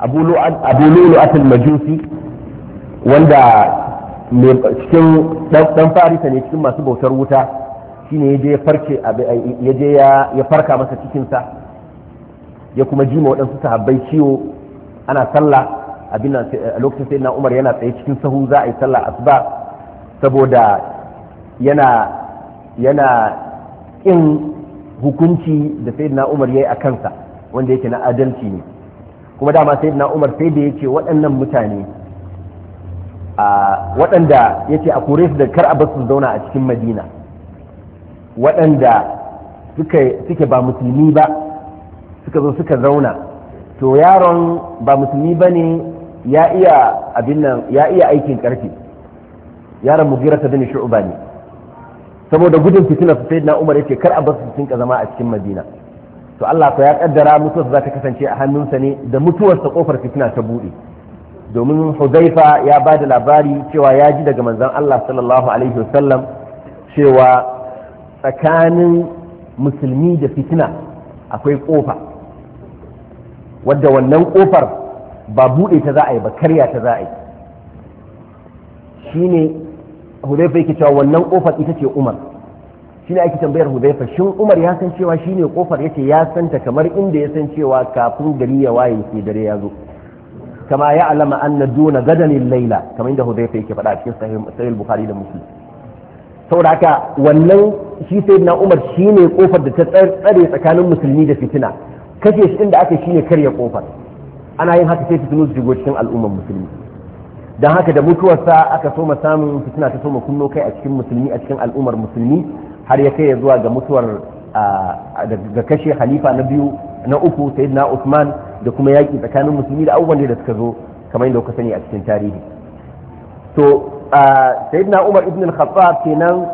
abu lulu'atul majusi wanda cikin dan farisa ne cikin masu bautar wuta shine ya je ya je ya farka masa cikinsa ya kuma ji waɗansu sahabbai ciwo ana sallah a lokacin sai na umar yana tsaye cikin sahu za a yi sallah asuba saboda yana yana ƙin hukunci da sai na umar ya yi a kansa wanda yake na adalci ne kuma dama sai na umar sai da yake waɗannan mutane waɗanda yake a kore su da kar a basu zauna a cikin madina waɗanda suke ba musulmi ba suka zo suka zauna to yaron ba musulmi ba ne ya iya abin nan ya iya aikin ƙarfi yaron mugira ta bin shu'uba ne saboda gudun fitina su sai na umar yake kar a basu su zama a cikin madina to Allah fa ya kaddara mutuwarsa za ta kasance a hannunsa ne da mutuwarsa kofar fitina ta buɗe domin Huzaifa ya ba da labari cewa ya ji daga manzon Allah sallallahu alaihi wasallam cewa tsakanin musulmi da fitina akwai kofa wadda wannan kofar ba buɗe ta za a yi ba karya ta za a yi shine Hudaifa yake cewa wannan kofar ita ce Umar shine ake tambayar Hudaifa? shin Umar ya san cewa ne kofar yace ya santa kamar inda ya san cewa kafin gari ya waye sai dare ya zo kama ya alama anna duna gadan laila kamar inda Hudaifa yake faɗa cikin sahih Bukhari da Muslim saboda haka wannan shi sayyidina Umar ne kofar da ta tsare tsakanin musulmi da fitina kashe shi inda aka ne karya kofar ana yin haka sai fitinu su shigo cikin al'ummar musulmi don haka da mutuwarsa aka soma samun fitina ta soma kunno kai a cikin musulmi a cikin al'ummar musulmi har ya kai zuwa ga mutuwar ga kashe halifa na biyu na uku na Usman da kuma yaƙi tsakanin musulmi da abubuwan da suka zo kamar yadda kuka sani a cikin tarihi to na Umar ibn al-Khattab kenan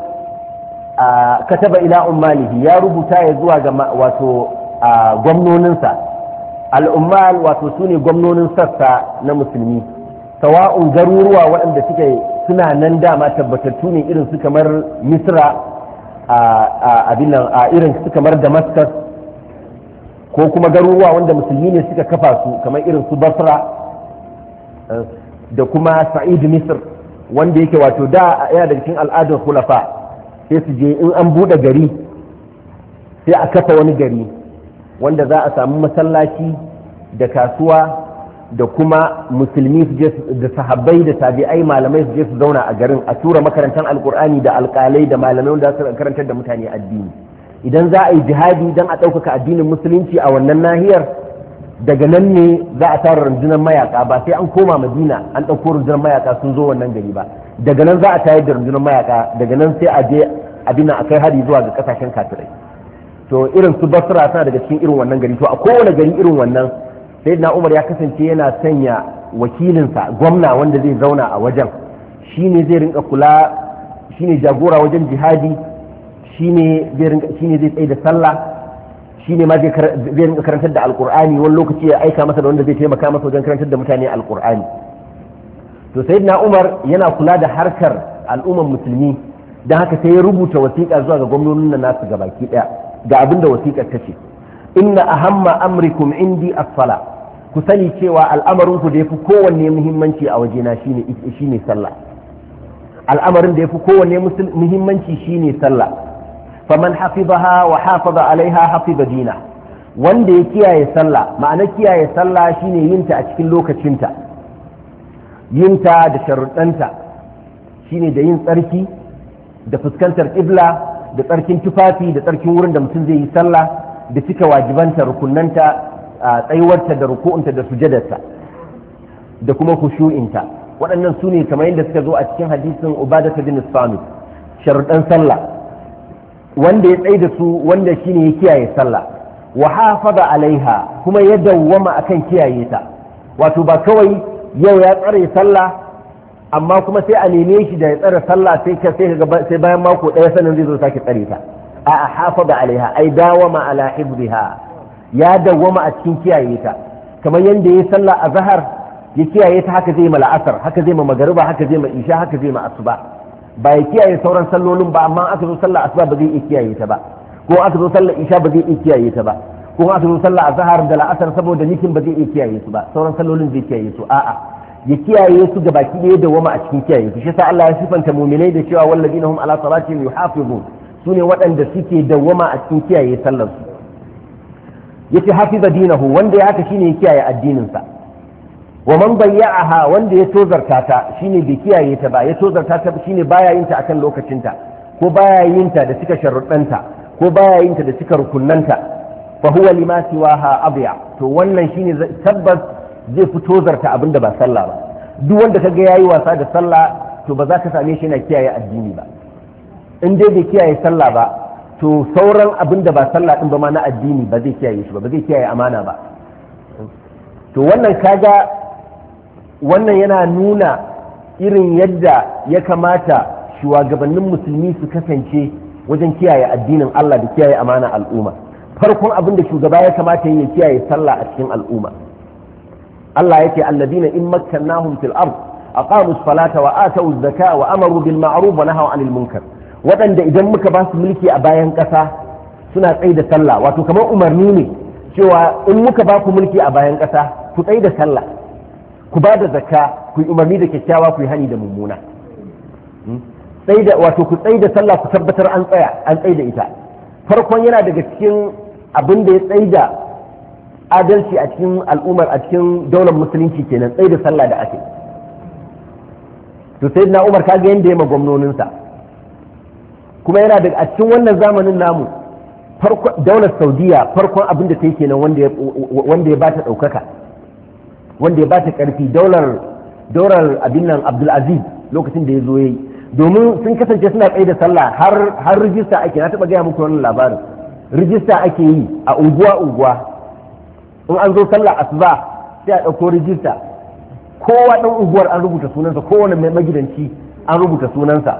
kataba ila ummalihi ya rubuta ya zuwa ga wato gwamnoninsa al-ummal wato sune gwamnonin sassa na musulmi sawa'un garuruwa waɗanda suke suna nan dama tabbatattu ne irin su kamar misra a abin a irin su kamar damascus ko kuma garuruwa wanda musulmi ne suka kafa su kamar irin su basra eh, da kuma sa'id misr wanda yake wato da yana da cikin al'adar hulafa sai su je in an buɗe gari sai a kafa wani gari wanda za a samu masallaci da kasuwa da kuma musulmi da sahabbai da tabi'ai malamai su je su zauna a garin a tura makarantar alkur'ani da alkalai da malamai wanda su karantar da mutane addini idan za a yi jihadi don a ɗaukaka addinin musulunci a wannan nahiyar daga nan ne za a tara rundunar mayaka ba sai an koma madina an ɗauko rundunar mayaka sun zo wannan gari ba daga nan za a tayar da rundunar mayaka daga nan sai a je abin a kai hari zuwa ga kasashen kafirai to irin su basra suna daga cikin irin wannan gari to a kowane gari irin wannan na umar ya kasance yana sanya wakilinsa gwamna wanda zai zauna a wajen ne zai rinka kula ne jagora wajen jihadi Shi ne zai tsaye da sallah Shi ne ma zai rinka karantar da alkur'ani wani lokaci ya aika masa da wanda zai taimaka masa wajen karantar da mutane alkur'ani to na umar yana kula da harkar al'umman musulmi don haka sai ya rubuta wasiƙa zuwa ga gwamnonin na nasu gabaki ɗaya ga abin da wasiƙar ta ce inna ahamma amrikum indi as ku sani cewa al'amarin ku da fi kowanne muhimmanci a wajena shine shine sallah al'amarin da fi kowanne muhimmanci shine sallah faman hafizaha wa hafaza alaiha hafiza dina wanda ya kiyaye sallah ma'ana kiyaye sallah shine yinta a cikin lokacinta yinta da sharuɗanta shine da yin tsarki da fuskantar ƙibla da tsarkin tufafi da tsarkin wurin da mutum zai yi sallah da cika wajibanta rukunanta tsayuwarta da ruku'unta da sujadarta da kuma khushu'inta waɗannan su ne kamar yadda suka zo a cikin hadisin ubadata bin sami sharuɗan sallah wanda ya tsaye da su wanda shine ya kiyaye sallah wa hafaza alaiha kuma ya dawwama akan kiyaye ta wato ba kawai yau ya tsare sallah amma kuma sai a neme shi da ya tsare sallah sai ka sai sai bayan mako ɗaya sanin zai zo sake tsare ta a hafaza alaiha ai dawama ala hibziha ya dawwama a cikin kiyaye ta kamar yadda ya sallah a zahar ya kiyaye ta haka zai ma la'asar haka zai ma magariba haka zai ma isha haka zai ma asuba ba ya kiyaye sauran sallolin ba amma aka zo sallah asuba ba zai iya kiyaye ta ba ko aka zo sallah isha ba zai iya kiyaye ta ba ko aka zo sallah azhar da la'asar saboda nikin ba zai iya kiyaye su ba sauran sallolin zai kiyaye su a'a ya kiyaye su ga baki ɗaya da wama a cikin kiyaye su shi yasa Allah ya sifanta mu'minai da cewa walladina hum ala salatihim yuhafizun sune waɗanda suke dawwama a cikin kiyaye sallar su yace hafiza dinahu wanda ya haka shine ya kiyaye addininsa wa man bayya'aha wanda ya tozarta ta shine bai kiyaye ta ba ya tozarta ta shine baya yin ta akan lokacinta ko baya yin ta da cika sharuɗanta ko baya yin ta da cika rukunnanta fa huwa lima siwaha abya to wannan shine tabbas zai fito zarta abinda ba sallah ba duk wanda kaga yayi wasa da sallah to ba za ka same shi yana kiyaye addini ba in dai bai kiyaye sallah ba to sauran abin da ba sallah din ba ma na addini ba zai kiyaye shi ba ba zai kiyaye amana ba to wannan kaga wannan yana nuna irin yadda ya kamata shugabannin musulmi su kasance wajen kiyaye addinin Allah da kiyaye amana al'umma farkon abin da shugaba ya kamata ya kiyaye sallah a cikin al'umma Allah yake alladina in makkannahum fil ard aqamu as-salata wa atau az-zakata wa amaru bil ma'ruf wa nahaw 'anil munkar waɗanda idan muka ba su mulki a bayan ƙasa suna tsaye da sallah wato kamar umarni ne cewa in muka ba ku mulki a bayan ƙasa ku tsaye da sallah ku ba da zakka ku yi umarni da kyakkyawa ku yi hani da mummuna hmm? Tsayi da wato ku tsaye da sallah ku tabbatar an tsaya an tsaye da ita farkon yana daga cikin abin da ya tsaye da adalci a cikin al'ummar a cikin daular musulunci kenan tsaye da sallah da ake to sai na umar kaga yanda ya ma gwamnoninsa kuma yana daga cikin wannan zamanin namu daular saudiya farkon abin da ta yi kenan wanda ya bata daukaka wanda ya bata karfi daular daular abin nan abdulaziz lokacin da ya zo yi domin sun kasance suna kai da sallah har rijista ake na taba gaya muku wannan labarin rijista ake yi a unguwa unguwa in an zo sallah asuba sai a ɗauko rijista kowa dan unguwar an rubuta sunansa kowane mai magidanci an rubuta sunansa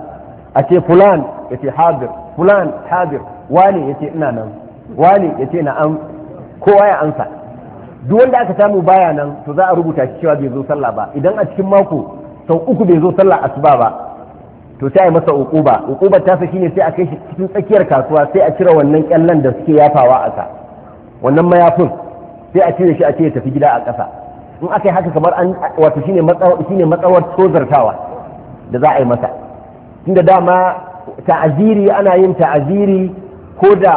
a ce fulan ya ce hadir fulan hadir wani ya ce ina nan wani ya ce na'am kowa ya ansa duk wanda aka samu baya nan to za a rubuta shi cewa bai zo sallah ba idan a cikin mako sau uku bai zo sallah asuba ba to sai a yi masa uquba uqubar ta sa shine sai a kai shi cikin tsakiyar kasuwa sai a cire wannan kyallan da suke yafawa a wannan mayafin sai a cire shi a ce ya tafi gida a ƙasa in aka yi haka kamar an wato shine matsawar shine matsawar tozartawa da za a yi masa tunda dama ta'aziri ana yin ta'aziri ko da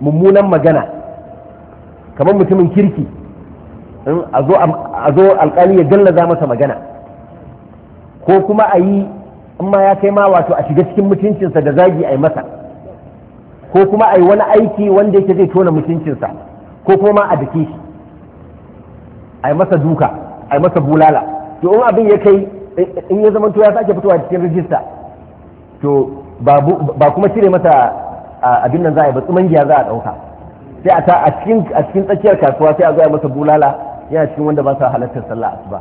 mummunan magana kamar mutumin kirki a zo alkali ya gallaza masa magana ko kuma a yi amma ya kai ma wato a shiga cikin mutuncinsa da zagi a yi masa ko kuma a yi wani aiki wanda yake zai tona mutuncinsa ko kuma ma a dake shi a yi masa duka a yi masa bulala to in abin ya kai in ya zama to ya sake fitowa cikin rijista to ba kuma cire mata abin nan za a yi ba tsumangiya za a ɗauka sai a ta a cikin tsakiyar kasuwa sai a zo masa bulala yana cikin wanda ba sa halartar sallah asuba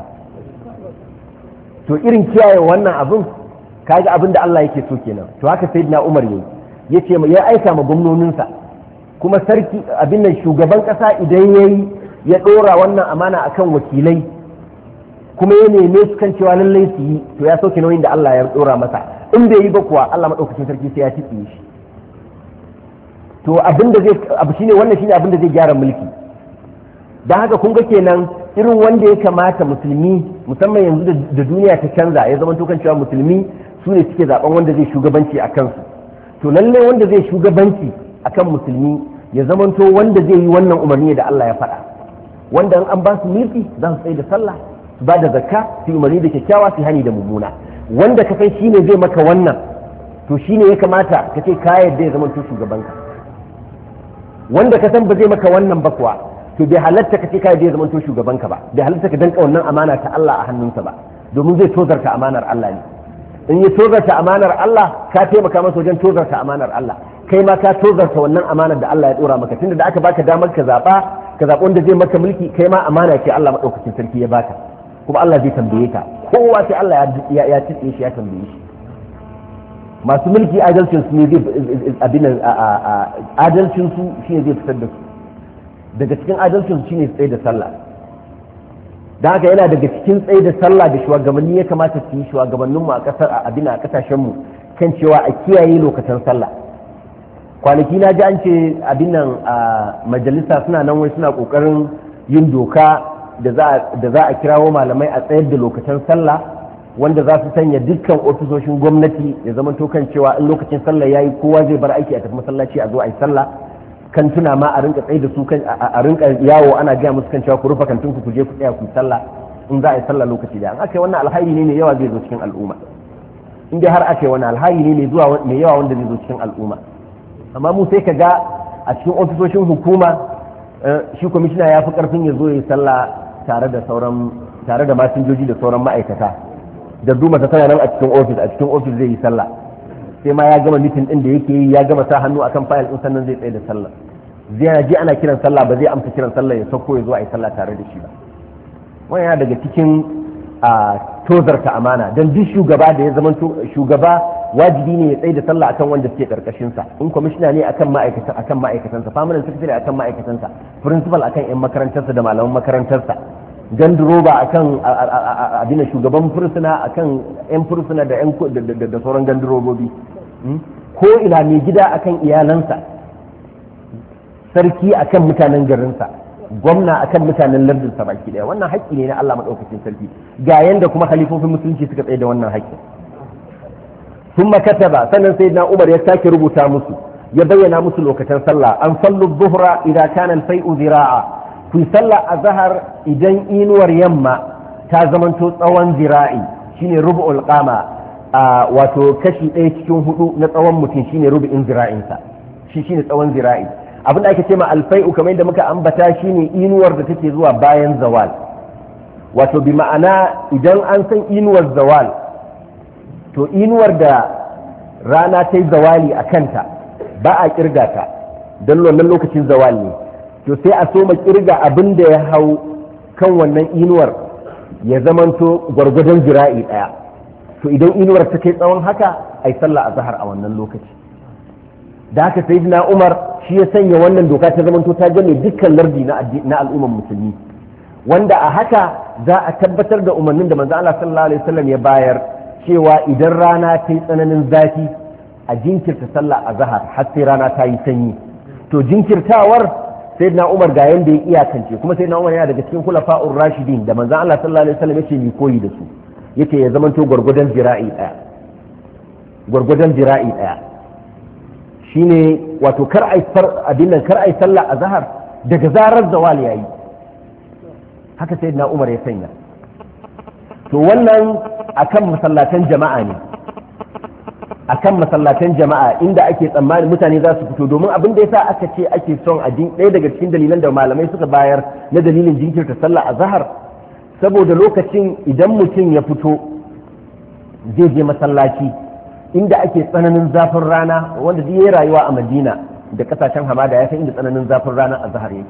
to irin kiyaye wannan abin kaga abin da Allah yake so kenan to haka sai na Umar yayi yace ya aika ma gwamnoninsa kuma sarki abin nan shugaban kasa idan yayi ya dora wannan amana akan wakilai kuma ya neme su kan cewa lallai su yi to ya sauke nauyin da Allah ya dora masa in bai yi ba kuwa Allah maɗaukacin sarki sai ya tiƙe shi to abinda zai abu shine wannan shine abinda zai gyara mulki dan haka kun ga kenan irin wanda ya kamata musulmi musamman yanzu da duniya ta canza ya zama tukan cewa musulmi su ne suke zaben wanda zai shugabanci a kansu to lalle wanda zai shugabanci kan musulmi ya zamanto wanda zai yi wannan umarni da Allah ya faɗa wanda in an ba su mulki za su tsaye da sallah su ba da zakka su umarni da kyakkyawa su hani da mummuna wanda ka san shine zai maka wannan to shine ya kamata ka ce ka yarda ya zama shugabanka wanda ka san ba zai maka wannan ba kuwa to bai halatta ka ce ka yarda ya zama shugabanka ba bai halatta ka danka wannan amana ta Allah a hannunsa ba domin zai tozarta amanar Allah ne in ya tozarta amanar Allah ka taimaka masa wajen tozarta amanar Allah kai ma ka tozarta wannan amanar da Allah ya dora maka tunda da aka baka damar ka zaba ka zaɓi wanda zai maka mulki kai ma amana ce Allah madaukakin sarki ya baka kuma Allah zai tambaye ta kowa sai Allah ya ya shi ya tambaye shi masu mulki adalcin su ne zai eh, eh, abin adalcin su shine zai fitar da su daga cikin adalcin su shine tsaye da sallah da haka yana daga cikin tsaye da sallah da shugabanni ya kamata su yi shugabannin mu a kasar a abin a kasashen mu kan cewa a kiyaye lokacin sallah kwanaki na ji an ce abin nan a majalisa suna nan wai suna kokarin yin doka da za a kirawo malamai a tsayar da lokacin sallah wanda za su sanya dukkan ofisoshin gwamnati ya zama tokan cewa in lokacin sallah ya yi kowa zai bar aiki a tafi masallaci a zo a yi sallah kantuna ma a rinka tsaye da su kan a rinka yawo ana gaya musu kan cewa ku rufe kantin ku je ku tsaya ku sallah in za a yi sallah lokaci da an aka wannan alhairi ne mai yawa zai zo cikin al'umma in dai har aka wannan alhairi ne mai zuwa mai yawa wanda zai zo cikin al'umma amma mu sai ka ga a cikin ofisoshin hukuma eh, shi kwamishina ya fi karfin ya zo ya yi sallah tare da masinjoji da sauran ma'aikata duma ta tana nan a cikin ofis a cikin ofis zai yi sallah sai ma ya gama mitin din da yake yi ya gama sa hannu akan fayil din sannan zai tsaye da sallah zai ji ana kiran sallah ba zai amsa kiran sallah ya sauko ya zo a yi sallah tare da shi ba wannan yana daga cikin a tozarta amana dan duk shugaba da ya zama shugaba wajibi ne ya tsaye da sallah akan wanda suke karkashin sa in commissioner ne akan ma'aikatan akan sa permanent secretary akan ma'aikatansa principal akan yan makarantarsa da malaman makarantarsa Gandiroba a kan abin shugaban fursuna a kan yan fursuna da yan da sauran gandirobobi. Hmm? ko ina mai gida kan iyalansa sarki a kan mutanen garinsa gwamna a kan mutanen lardinsa baki daya wannan haƙƙi ne na Allah maɗaukacin sarki ga yadda kuma halifofin musulunci suka tsaye da wannan haƙƙi sun ba sannan sai na umar ya sake rubuta musu ya bayyana musu lokacin sallah an sallu dhuhra idan kanan sai uzira'a. ku sallar azhar idan inuwar yamma ta zamanto tsawon zira'i shine rubu'ul qama wato kashi ɗaya cikin hudu na tsawon mutum shine in zira'insa shi shine tsawon zira'i abin da ake ce ma alfai kamar yadda muka ambata shine inuwar da take zuwa bayan zawal wato bi ma'ana idan an san inuwar zawal to inuwar da rana ta yi zawali a kanta ba a kirga ta don wannan lokacin zawal ne to sai a soma kirga abin da ya hau kan wannan inuwar ya zamanto gwargwadon jira'i ɗaya to idan inuwar ta kai tsawon haka ai sallah a zahar a wannan lokaci da haka sai na umar shi ya sanya wannan doka ta zamanto ta game dukkan lardi na al'umman musulmi wanda a haka za a tabbatar da umarnin da manzo Allah sallallahu alaihi wasallam ya bayar cewa idan rana ta yi tsananin zafi a jinkirta sallah a zahar har sai rana ta yi sanyi to jinkirtawar sayyidina Umar yin da ya iyakance kuma sayyidina Umar yana daga cikin khulafa'ur rashidin da manzon Allah sallallahu alaihi wasallam yace mai koyi da su yace ya zamanto gurgudan jira'i daya gurgudan jira'i daya shine wato kar ai far abin nan kar ai sallah azhar daga zarar zawal yayi haka sayyidina Umar ya sanya to wannan akan masallatan jama'a ne a kan masallatan jama'a inda ake tsammanin mutane za su fito domin abin da ya sa aka ce ake son a ɗaya daga cikin dalilan da malamai suka bayar na dalilin jinkirta sallah a zahar saboda lokacin idan mutum ya fito zai je masallaci inda ake tsananin zafin rana wanda zai yi rayuwa a Madina da kasashen hamada ya san inda tsananin zafin rana a zahar yake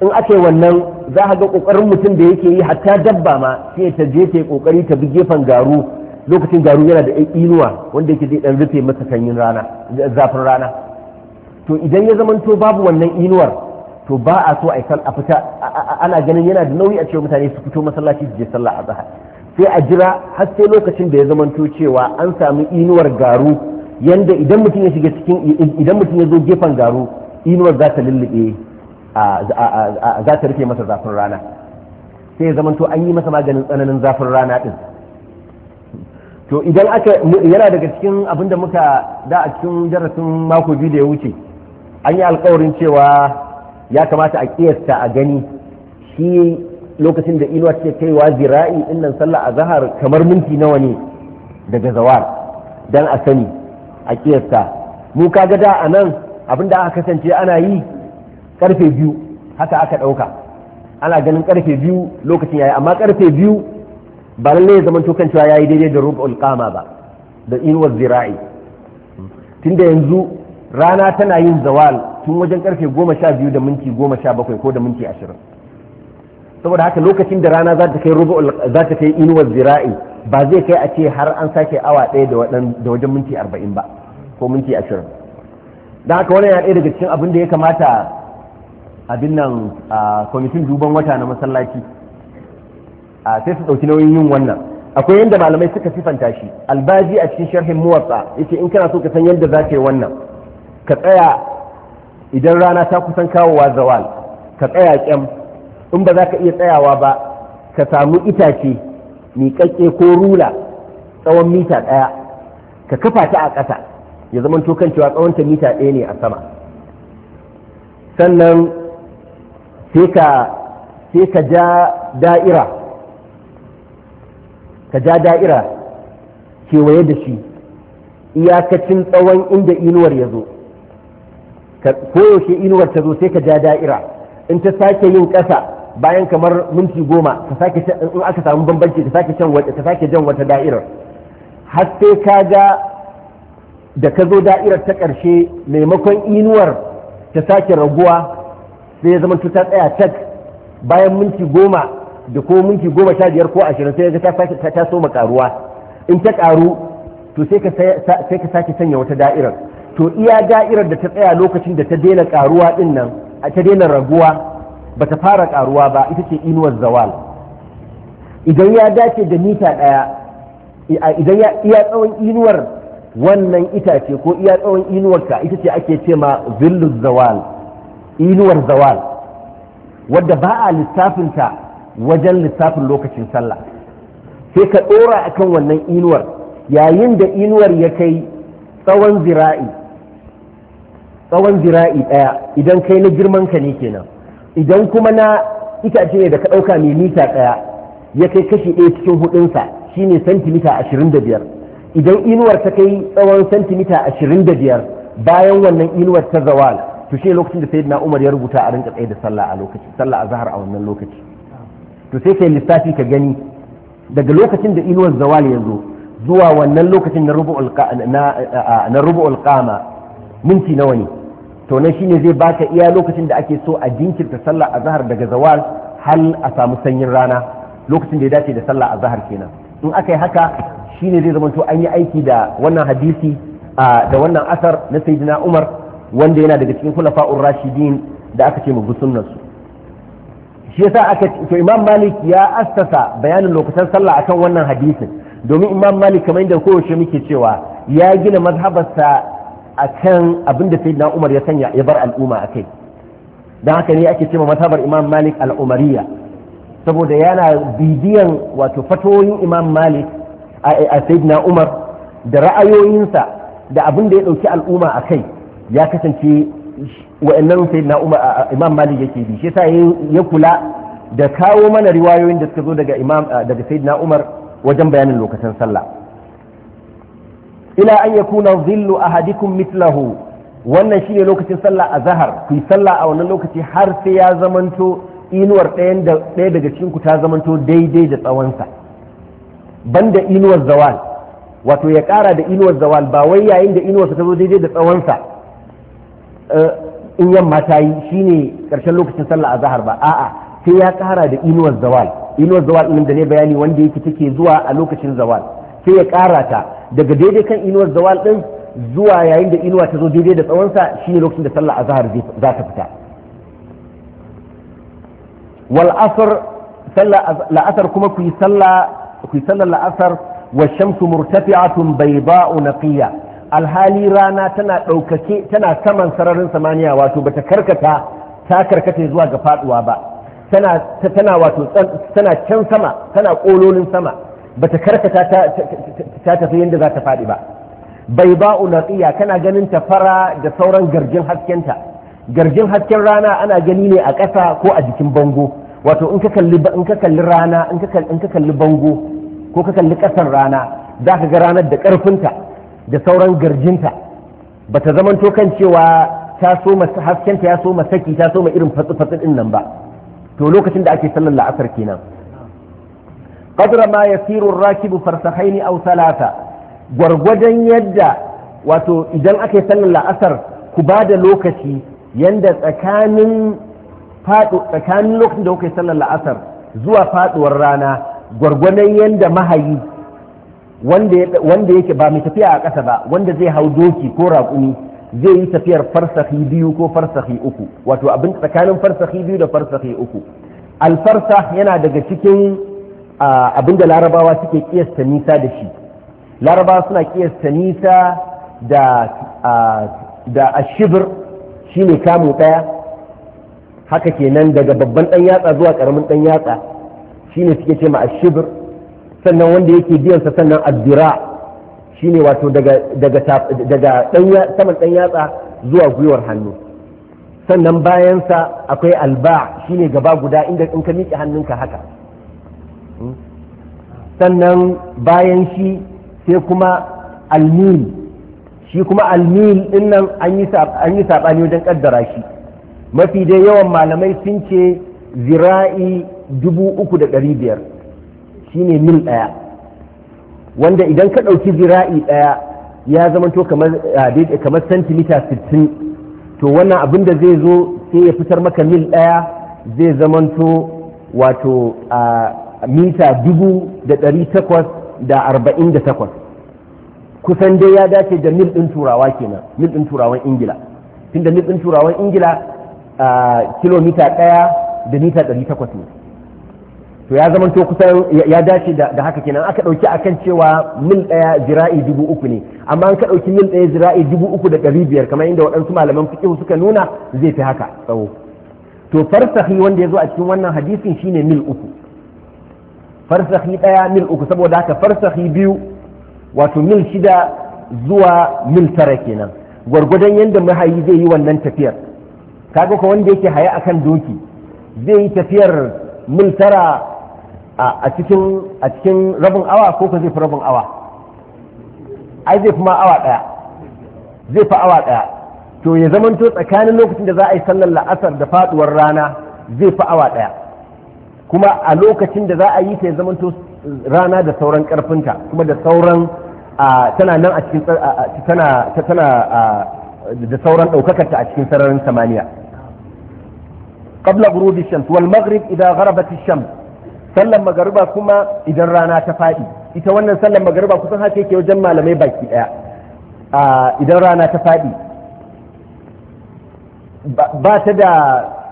in ake wannan za a ga kokarin mutum da yake yi hatta dabba ma sai ta je ta yi kokari ta bi gefen garu lokacin garu yana da inuwa wanda yake zai dan rufe masa sanyin rana zafin rana to idan ya to babu wannan inuwar to ba a so a fita ana ganin yana da nauyi a cewa mutane su fito masallaci su je sallah a zahar sai a jira har sai lokacin da ya zamanto cewa an samu inuwar garu yanda idan mutum ya shiga cikin idan mutum ya zo gefen garu inuwar za ta lullube za ta rufe masa zafin rana sai ya to an yi masa maganin tsananin zafin rana din to idan aka yana daga cikin abin da muka da a cikin darasin mako biyu da ya wuce an yi alkawarin cewa ya kamata a kiyasta a gani shi lokacin da inuwa ce kaiwa zira'i innan sallah a zahar kamar minti nawa ne daga zawar dan a sani a kiyasta mu kaga da a nan abin da aka kasance ana yi karfe biyu haka aka ɗauka ana ganin karfe biyu lokacin yayi amma karfe biyu ba lalle ya zamanto kan cewa yayi daidai da rub'ul qama ba da inuwar zira'i tunda yanzu rana tana yin zawal tun wajen karfe goma sha biyu da minti goma sha bakwai ko da minti ashirin saboda haka lokacin da rana za ta kai za ta kai inuwar zira'i ba zai kai a ce har an sake awa ɗaya da wajen minti arba'in ba ko minti ashirin don haka wani ya ɗaya daga cikin abin da ya kamata abin nan a kwamitin duban wata na masallaci a sai su ɗauki nauyin yin wannan akwai yadda malamai suka sifanta shi albaji a cikin sharhin muwatsa yace in kana so ka san yadda za yi wannan ka tsaya idan rana ta kusan kawo wa zawal ka tsaya kyam in ba za ka iya tsayawa ba ka samu itace miƙaƙƙe ko rula tsawon mita ɗaya ka kafa ta a ƙasa ya zama kan cewa tsawonta mita ɗaya ne a sama sannan sai ka ja da'ira ka ja da'ira kewaye da shi iyakacin tsawon inda inuwar ya zo koyaushe inuwar ta zo sai ka ja da'ira in ta sake yin ƙasa bayan kamar minti goma ka sake in aka samu bambanci ka sake ka sake jan wata da'irar har sai ka ga da ka zo da'irar ta ƙarshe maimakon inuwar ta sake raguwa sai ya zama ta tsaya tak bayan minti goma da ko minti goma sha biyar ko ashirin sai ga ta ta ma karuwa in ta karu to sai ka sake sanya wata da'irar to iya da'irar da ta tsaya lokacin da ta daina karuwa din nan ta daina raguwa ba ta fara karuwa ba ita ce inuwar zawal idan ya dace da mita daya idan iya tsawon inuwar wannan itace ko iya tsawon inuwar ka ita ce ake ce ma zillu zawal inuwar zawal wadda ba a lissafinta wajen lissafin lokacin sallah sai ka ɗora akan wannan inuwar yayin da inuwar ya kai tsawon zira'i tsawon zira'i ɗaya idan kai na girman ka ne kenan idan kuma na itace ne da ka ɗauka mai mita ɗaya ya kai kashi ɗaya cikin hudunsa shine santimita ashirin da biyar idan inuwar ta kai tsawon santimita ashirin da biyar bayan wannan inuwar ta zawal to shi lokacin da sayyidina umar ya rubuta a rinka tsaye da sallah a lokaci sallah a zahar a wannan lokaci to sai kai lissafi ka gani daga lokacin da inuwar zawal ya zo zuwa wannan lokacin na rubu'ul qama minti nawa ne to nan shine zai baka iya lokacin da ake so a jinkirta sallah a zahar daga zawal hal a samu sanyin rana lokacin da ya dace da sallah zahar kenan in aka yi haka shine zai zama to an yi aiki da wannan hadisi da wannan asar na sayyidina umar wanda yana daga cikin kulafa'ur rashidin da aka ce mu bi sunnarsu shi yasa aka to imam malik ya assasa bayanin lokutan sallah akan wannan hadisin domin imam malik kamar da kowace muke cewa ya gina mazhabarsa akan abin da sayyidina umar ya sanya ya bar al'umma akai dan haka ne ake cewa mazhabar imam malik al'umariya saboda yana bibiyan wato fatoyin imam malik a sayyidina umar da ra'ayoyinsa da abin da ya ɗauki al'umma akai ya kasance wa'annan sai na umar imam malik yake bi shi sa ya kula da kawo mana riwayoyin da suka zo daga imam daga na umar wajen bayanin lokacin sallah ila an yakuna a Hadikun Mitlahu, wannan ne lokacin sallah a zahar ku sallah a wannan lokaci har sai ya zamanto inuwar ɗaya daga cikin ku ta zamanto daidai da tsawonsa banda inuwar zawal wato ya ƙara da inuwar zawal ba wai yayin da inuwarsa ta zo daidai da tsawonsa in yamma ta yi shine karshen lokacin sallah azhar ba a'a sai ya kara da inuwar zawal inuwar zawal din da ne bayani wanda yake take zuwa a lokacin zawal sai ya kara ta daga daidai kan inuwar zawal din zuwa yayin da inuwa ta zo daidai da tsawonsa shine lokacin da sallah azhar za ta fita wal asr sallah la'asar kuma ku yi sallah ku yi sallar la'asar wa shamsu murtafi'atun bayda'u naqiya alhali rana tana ɗaukake tana saman sararin samaniya wato bata karkata ta karkata zuwa ga faduwa ba tana tana wato tana can sama tana kololin sama bata karkata ta tafi yadda za ta faɗi ba bai ba naqiya kana ganin ta fara da sauran garjin haskenta garjin hasken rana ana gani ne a ƙasa ko a jikin bango wato in ka kalli in ka kalli rana in ka kalli bango ko ka kalli ƙasar rana za ka ga ranar da ƙarfinta da sauran garjinta ba ta zamanto kan cewa ta so haskenta ya so saki ta so irin fatsi-fatsi din nan ba to lokacin da ake sallar la'asar kenan qadra ma yasiru rakibu farsahaini aw salata gwargwadon yadda wato idan aka yi sallar la'asar ku ba da lokaci yanda tsakanin fado tsakanin lokacin da kuka yi sallar la'asar zuwa faduwar rana gwargwadon yanda mahayi wanda yake ba mai tafiya a ƙasa ba wanda zai hau doki ko raƙumi zai yi tafiyar farsahi biyu ko farsahi uku wato abin tsakanin farsahi biyu da farsahi uku alfarsa yana daga cikin abin da larabawa suke kiyasta nisa da shi larabawa suna kiyasta nisa da da ashibir ne kamu ɗaya haka kenan daga babban ɗan yatsa zuwa ƙaramin ɗan yatsa shine suke ce ma ashibir sannan wanda yake biyansa sannan addira shine wato daga daga saman ɗan yatsa zuwa gwiwar hannu sannan bayansa akwai alba shine gaba guda inda in ka miƙe hannunka haka hmm? sannan bayan shi sai kuma almil shi kuma almil din nan an yi saɓani wajen ƙaddara shi mafi dai yawan malamai sun ce zira'i dubu uku da ɗari biyar shine mil ɗaya wanda idan ka ɗauki zira'i ɗaya ya zamanto kamar santimita ah, 60 to wannan abin da zai zo sai ya fitar maka mil ɗaya zai zamanto wato a ah, mita takwas kusan dai ya dace da mil ɗin turawa kenan mil ɗin turawan ingila da mil ɗin turawan ingila ah, kilomita ɗaya da mita 800 ne to ya zama to kusan ya dace da haka kenan aka dauki akan cewa mil daya zira'i dubu uku ne amma an ka dauki mil daya zira'i dubu uku da ɗari biyar kamar inda waɗansu malaman fiqh suka nuna zai fi haka tsawo to farsahi wanda ya zo a cikin wannan hadisin shine mil uku farsahi daya mil uku saboda haka farsahi biyu wato mil shida zuwa mil tara kenan gwargwadon yadda mahayi zai yi wannan tafiyar kaga ko wanda yake haya akan doki zai yi tafiyar mil tara a cikin a cikin rabin awa ko ka zai fi rabin awa ai zai fi ma awa daya zai fi awa daya to ya zamanto tsakanin lokacin da za a yi sallar la'asar da faduwar rana zai fi awa daya kuma a lokacin da za a yi ta ya zamanto rana da sauran karfinta kuma da sauran tana nan a cikin tana tana da sauran daukakarta a cikin sararin samaniya qabla ghurubi shams wal maghrib idha gharabat ash-shams sallan magariba kuma idan rana ta faɗi ita wannan sallan magariba kusan haka yake wajen malamai baki ɗaya idan rana ta faɗi ba ta da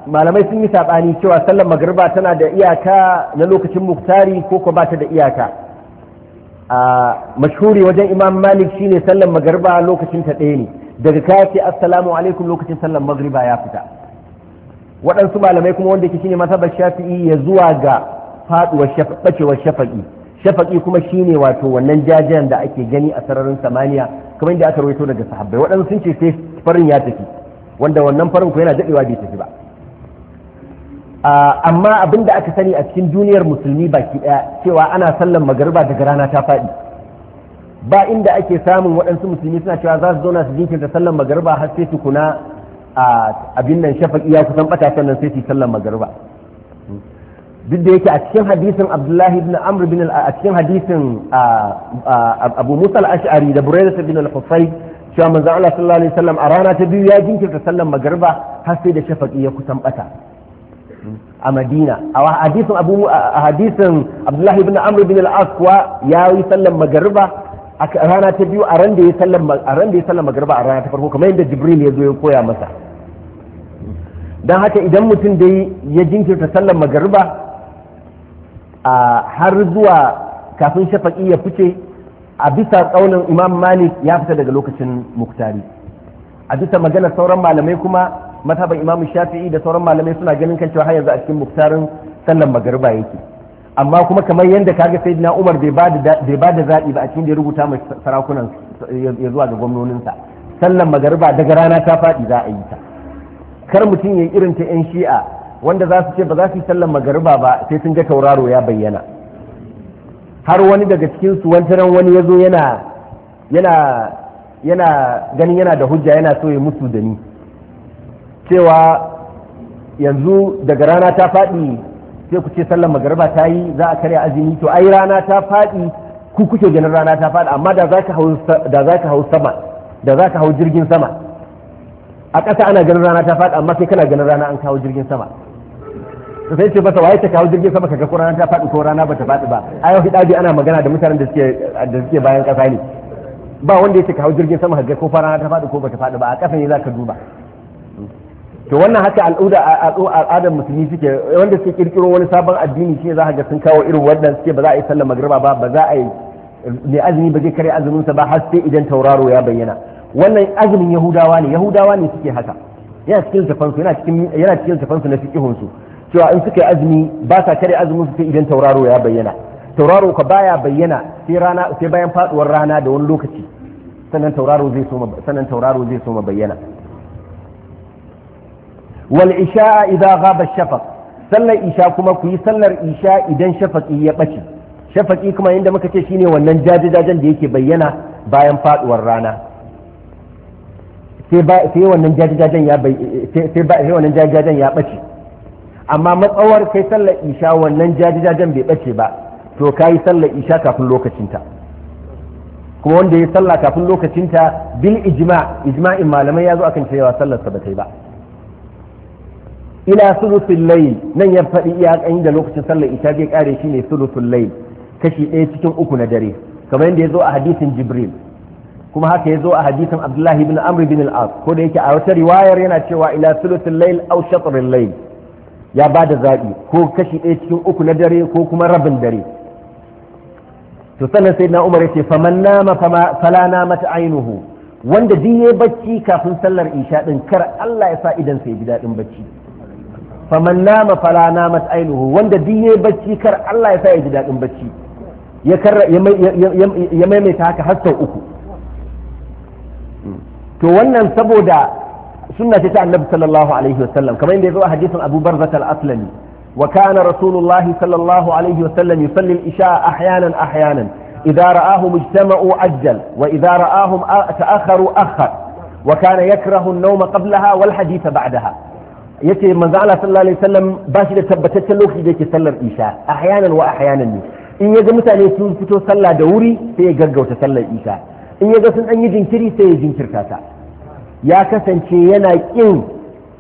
malamai sun yi saɓani cewa sallan magariba tana da iyaka na lokacin muktari ko ko ba ta da iyaka mashhuri wajen imam malik shine sallan magariba lokacin ta ɗaya ne daga kaya ce assalamu alaikum lokacin sallan magariba ya fita waɗansu malamai kuma wanda ke shine mazhabar shafi'i ya zuwa ga faduwar bacewar shafaƙi shafaƙi kuma shine wato wannan jajayen da ake gani a sararin samaniya kamar yadda aka rawaito daga sahabbai waɗansu sun ce sai farin ya tafi wanda wannan farin ko yana daɗewa bai tafi ba amma abin da aka sani a cikin duniyar musulmi baki ɗaya cewa ana sallan magariba daga rana ta faɗi ba inda ake samun waɗansu musulmi suna cewa za su zauna su jinkirta sallan magariba har sai tukuna abin nan shafaƙi ya kusan ɓata sannan sai su sallan magariba duk da yake a cikin hadisin abdullahi ibn amr bin a cikin hadisin abu musa al-ash'ari da burayda bin al-husayb cewa manzon Allah sallallahu alaihi wasallam a rana ta biyu ya jinkirta sallan magariba har sai da shafaqi ya kusan bata a madina a hadisin abu a hadisin abdullahi ibn amr bin al-as kuwa ya yi sallan magariba a rana ta biyu a ran da ya sallan a ran da ya sallan magariba a rana ta farko kamar yadda jibril ya zo ya koya masa dan haka idan mutum dai ya jinkirta sallan magariba har zuwa kafin shafaƙi ya fice a bisa tsaunin imam malik ya fita daga lokacin muktari a bisa magana sauran malamai kuma mataban imam shafi'i da sauran malamai suna ganin kan cewa har yanzu a cikin muktarin sallan magariba yake amma kuma kamar yadda kaga sai na umar bai ba da zaɓi ba a cikin da ya rubuta mai sarakunan ya zuwa ga gwamnoninsa sallan magariba daga rana ta faɗi za a yi ta kar mutum ya irin ta 'yan shi'a wanda za su ce ba za su yi sallar magariba ba sai sun ga tauraro ya bayyana har wani daga cikin su ran wani ya zo yana yana yana ganin yana da hujja yana so ya mutu da ni cewa yanzu daga rana ta faɗi sai ku ce sallar magariba ta yi za a karya azumi to ai rana ta faɗi ku kuke ganin rana ta faɗi amma da za ka hau sama da za ka hau jirgin sama a ƙasa ana ganin rana ta faɗi amma sai kana ganin rana an kawo jirgin sama sai ce masa waye ta kawo jirgin sama kaga ko rana ta faɗi ko rana bata faɗi ba a yau hidabi ana magana da mutanen da suke da suke bayan ƙasa ne ba wanda yake kawo jirgin sama kaga ko rana ta faɗi ko bata faɗi ba a ƙasa ne zaka duba to wannan haka al'uda al'adar musulmi suke wanda suke kirkiro wani sabon addini shi za ka ga sun kawo irin wannan suke ba za a yi sallar magriba ba ba za a yi ne azumi ba zai kare azumin sa ba har sai idan tauraro ya bayyana wannan azumin yahudawa ne yahudawa ne suke haka yana cikin tafansu yana cikin yana cikin tafansu na fiqihun cewa in suka yi azumi ba sa kare azumin su idan tauraro ya bayyana tauraro ka baya bayyana sai rana sai bayan faduwar rana da wani lokaci sannan tauraro zai soma sannan tauraro zai soma bayyana wal isha idza ghaba shafaq sallar isha kuma ku yi sallar isha idan shafaqi ya bace shafaqi kuma inda muka ce shine wannan jajajajan da yake bayyana bayan faduwar rana sai ba sai wannan jajajajan ya sai ba sai wannan jajajajen ya bace amma matsawar kai sallar isha wannan jaje-jajen bai ɓace ba to ka yi sallar isha kafin lokacinta kuma wanda ya sallah kafin lokacinta bil ijma ijma'in malamai ya zo akan cewa sallar sa ba ba ila sulusul layl nan ya faɗi iyakan da lokacin sallar isha zai kare shi ne sulusul layl kashi ɗaya cikin uku na dare kamar yadda ya zo a hadisin jibril kuma haka ya zo a hadisin abdullahi bin amr bin al-as ko da yake a wata riwayar yana cewa ila sulusul layl aw shatrul layl ya ba da zaɓi ko kashi ɗaya cikin uku na dare ko kuma rabin dare to sannan sai na umar ya ce faman nama falana mata ainihu wanda duk ya bacci kafin sallar isha ɗin kar Allah ya sa idan sai ji daɗin bacci faman nama falana mata ainihu wanda duk ya bacci kar Allah ya sa ya ji daɗin bacci ya maimaita haka har sau uku to wannan saboda sunna ce ta annabi sallallahu alaihi wasallam kamar yadda ya zo a hadisin Abu Barzah al-Aslami wa kana Rasulullah sallallahu alaihi wasallam yusalli al-isha ahyanan ahyanan idza ra'ahum ijtama'u ajjal wa idza ra'ahum ta'akharu akhar wa kana yakrahu an-nawma qablaha wal haditha ba'daha yace manzo Allah sallallahu alaihi wasallam ba shi da tabbataccen lokaci da ke sallar isha ahyanan wa ahyanan ne in yaga mutane sun fito sallah da wuri sai ya gaggauta sallar isha in yaga sun dan yi jinkiri sai ya jinkirta ta ya kasance yana ƙin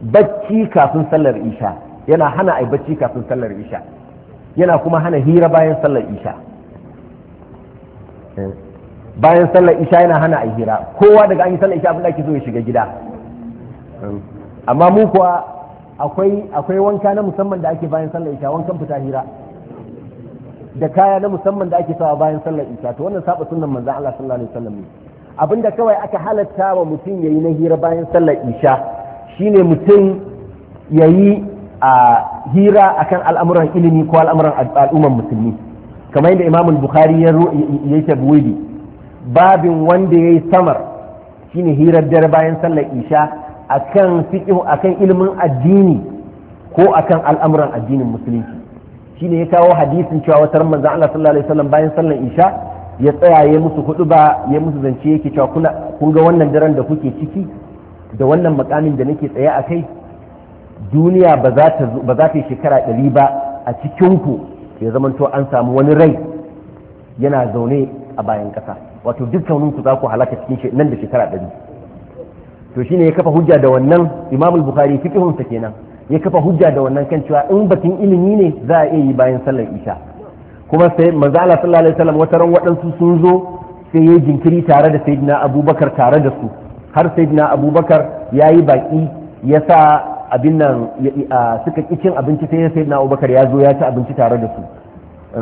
bacci kafin sallar isha yana hana a bacci kafin sallar isha yana kuma hana hira bayan sallar isha eh, bayan sallar isha yana hana a hira kowa daga an yi sallar isha abin da ake so ya shiga gida eh, amma mu kuwa akwai wanka na musamman da ake bayan sallar isha wankan fita hira da kaya na musamman da ake sawa bayan sallar isha to wannan saba sunnan manzon Allah sallallahu alaihi wasallam abinda kawai aka halatta wa mutum ya yi na hira bayan sallar isha shine mutum ya yi a hira akan al'amuran ilimi ko al'amuran al'umman musulmi kamar yadda imamul bukhari ya yi tabwidi babin wanda ya yi samar shine hirar dare bayan sallar isha akan fiqh akan ilimin addini ko akan al'amuran addinin musulunci shine ya kawo hadisin cewa wata manzon Allah sallallahu alaihi wasallam bayan sallar isha ya tsaya ya musu hudu ba ya musu zance yake cewa kun ga wannan daren da kuke ciki da wannan makamin da nake tsaye a kai duniya ba za ta yi shekara ɗari ba a cikinku ya to an samu wani rai yana zaune a bayan ƙasa wato ku za ku halaka cikin nan da shekara ɗari to shine ya kafa hujja da wannan imam bukhari fiqhunsa kenan ya kafa hujja da wannan kan cewa in batun ilimi ne za a iya yi bayan sallar isha kuma sai manzo Allah sallallahu alaihi wasallam wata ran waɗansu sun zo sai yayi jinkiri tare da sayyidina Abubakar tare da su har sayyidina Abubakar yayi baki ya sa abin nan suka ki cin abinci sai sayyidina Abubakar ya zo ya ci abinci tare da su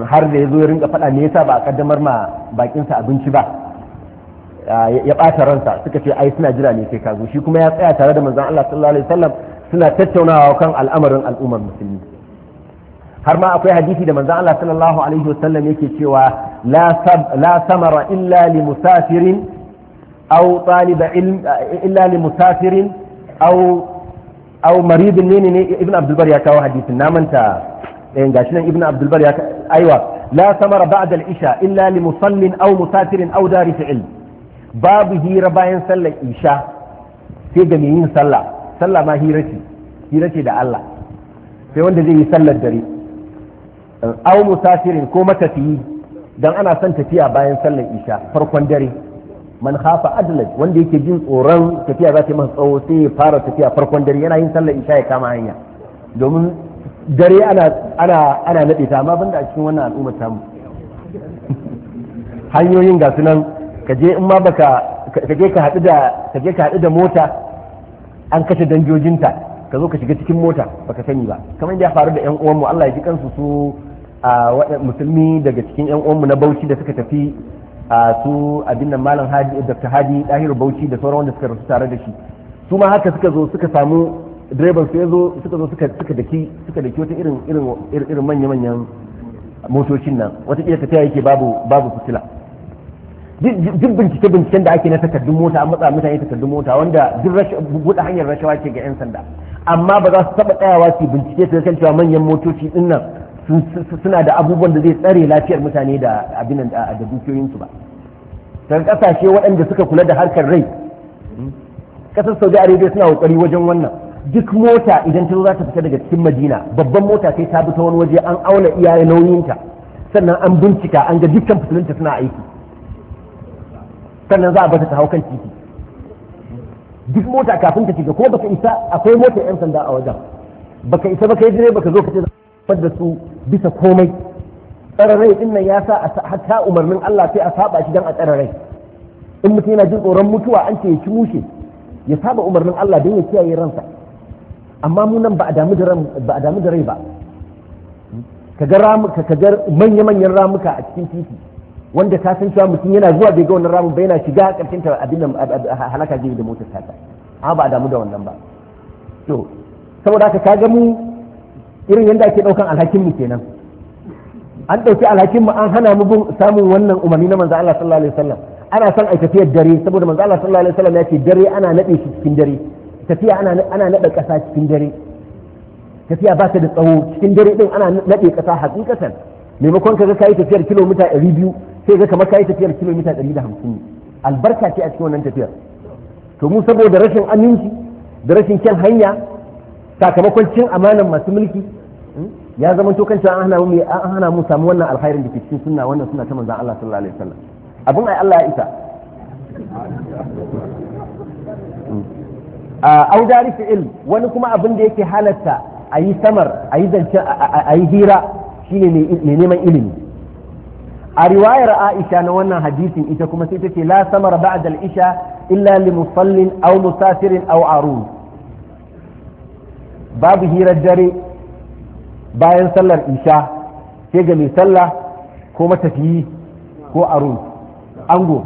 har da ya zo ya rinka faɗa me yasa ba a kaddamar ma bakinsa abinci ba ya ɓata ransa suka ce ai suna jira ne sai ka zo shi kuma ya tsaya tare da manzon Allah sallallahu alaihi wasallam suna tattaunawa kan al'amarin al'ummar musulmi har ma akwai hadisi da manzon Allah sallallahu alaihi wasallam yake cewa la samara illa li musafirin aw taliba ilm illa li musafirin aw aw marid ne ne ibn abdul bar ya kawo hadisin na manta eh gashi nan ibn abdul bar ya aiwa la samara ba'da al-isha illa li musallin aw musafirin aw dari fi'l babu hira bayan sallar isha sai ga mai yin sallah sallah ma hira ce hira ce da Allah sai wanda zai yi sallar dare au musafirin ko matafiyi dan ana son tafiya bayan sallar isha farkon dare man khafa adlaj wanda yake jin tsoron tafiya za ta masa tsawo sai ya fara tafiya farkon dare yana yin sallar isha ya kama hanya domin dare ana ana ana nade ta amma banda a cikin wannan al'umma ta mu hanyoyin ga sunan ka je in ma baka ka je ka hadu da ka je ka hadu da mota an kashe danjojinta ka zo ka shiga cikin mota baka sani ba kamar da ya faru da yan uwanmu Allah ya ji kansu su a musulmi daga cikin yan uwanmu na bauchi da suka tafi a su abin nan malam hadi dr hadi dahiru bauchi da sauran wanda suka rasu tare da shi su ma haka suka zo suka samu direban su ya zo suka zo suka suka daki suka daki wata irin irin irin manya manyan motocin nan wata iya tafiya yake babu babu fitila duk bincike binciken da ake na takardun mota an matsa mutane takardun mota wanda duk buɗe hanyar rashawa ce ga 'yan sanda amma ba za su taɓa tsayawa su bincike su kan cewa manyan motoci dinnan. nan suna da abubuwan da zai tsare lafiyar mutane da abin da dukiyoyinsu ba daga kasashe waɗanda suka kula da harkar rai Ƙasar saudi arabia suna kokari wajen wannan duk mota idan ta zo za ta fita daga cikin madina babban mota sai ta bi ta wani waje an auna iya nauyinta sannan an bincika an ga dukkan fitilunta suna aiki sannan za a bata ta hau kan titi duk mota kafin ta shiga ko baka isa akwai mota yan sanda a wajen baka isa baka yi dire baka zo ka ce da su bisa komai tsararai din nan ya sa a hatta umarnin Allah sai a saba shi dan a tsararai in mutum yana jin tsoron mutuwa an ce ya ci mushe ya saba umarnin Allah don ya kiyaye ransa amma mu nan ba a damu da ran ba a damu da rai ba kaga ramuka kaga manya-manyan ramuka a cikin titi wanda ka san cewa mutum yana zuwa bai ga wannan ramu. ba yana shiga karshen ta abin nan halaka zai da motar ta amma ba a damu da wannan ba to saboda haka kaga mu irin yadda ake ɗaukan alhakinmu kenan an ɗauki alhakinmu an hana mu bin samun wannan umarni na manzo Allah sallallahu alaihi wasallam ana son ai tafiyar dare saboda manzo Allah sallallahu alaihi wasallam ya ce dare ana nade shi cikin dare tafiya ana ana nade ƙasa cikin dare tafiya ba ta da tsawo cikin dare din ana nade ƙasa hakikatan maimakon kaga kai tafiyar kilomita 200 sai ga kamar kai tafiyar kilomita 150 albarka ce a cikin wannan tafiyar to mu saboda rashin aminci da rashin kyan hanya sakamakon cin amanan masu mulki ya zama to kanta an hana mu samu wannan alkhairin da ke cikin sunna wannan suna ta manzon Allah sallallahu alaihi wasallam abin ai Allah ya isa a audari fi'il wani kuma abin da yake halatta a yi samar a yi zancen a yi hira shine mai neman ilimi a riwayar Aisha na wannan hadisin ita kuma sai take la samar ba'da al-isha illa li musallin aw musafirin aw arun babu hirar dare bayan sallar isha sai ga mai sallah ko matafiyi ko arun ango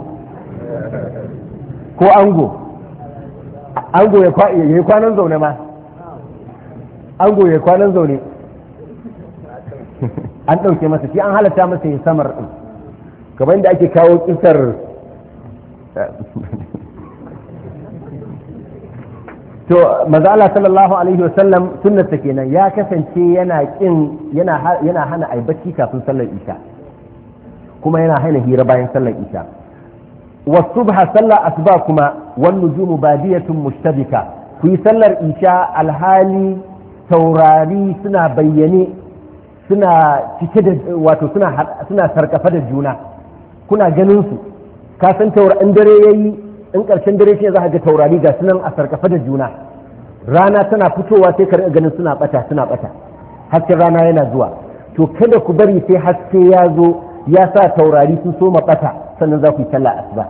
ko ango ango ya yi kwanan zaune ma ango ya yi kwanan zaune an ɗauke masa shi an halatta masa ya samar ɗin kamar da ake kawo kisar to mazala sallallahu alaihi wasallam sunnarsa kenan ya kasance yana kin yana yana hana ai bacci kafin sallar isha kuma yana hana hira bayan sallar isha wasubha sallar asuba kuma wan nujumu badiyatun mushtabika ku yi sallar isha alhali taurari suna bayyane suna cike da wato suna suna sarkafa da juna kuna ganin su ka san taurarin dare yayi in ƙarshen dare shi za a ga taurari ga sunan a sarkafa da juna rana tana fitowa sai ka ganin suna bata suna bata hasken rana yana zuwa to kada ku bari sai haske ya zo ya sa taurari sun soma bata sannan za ku yi sallah asuba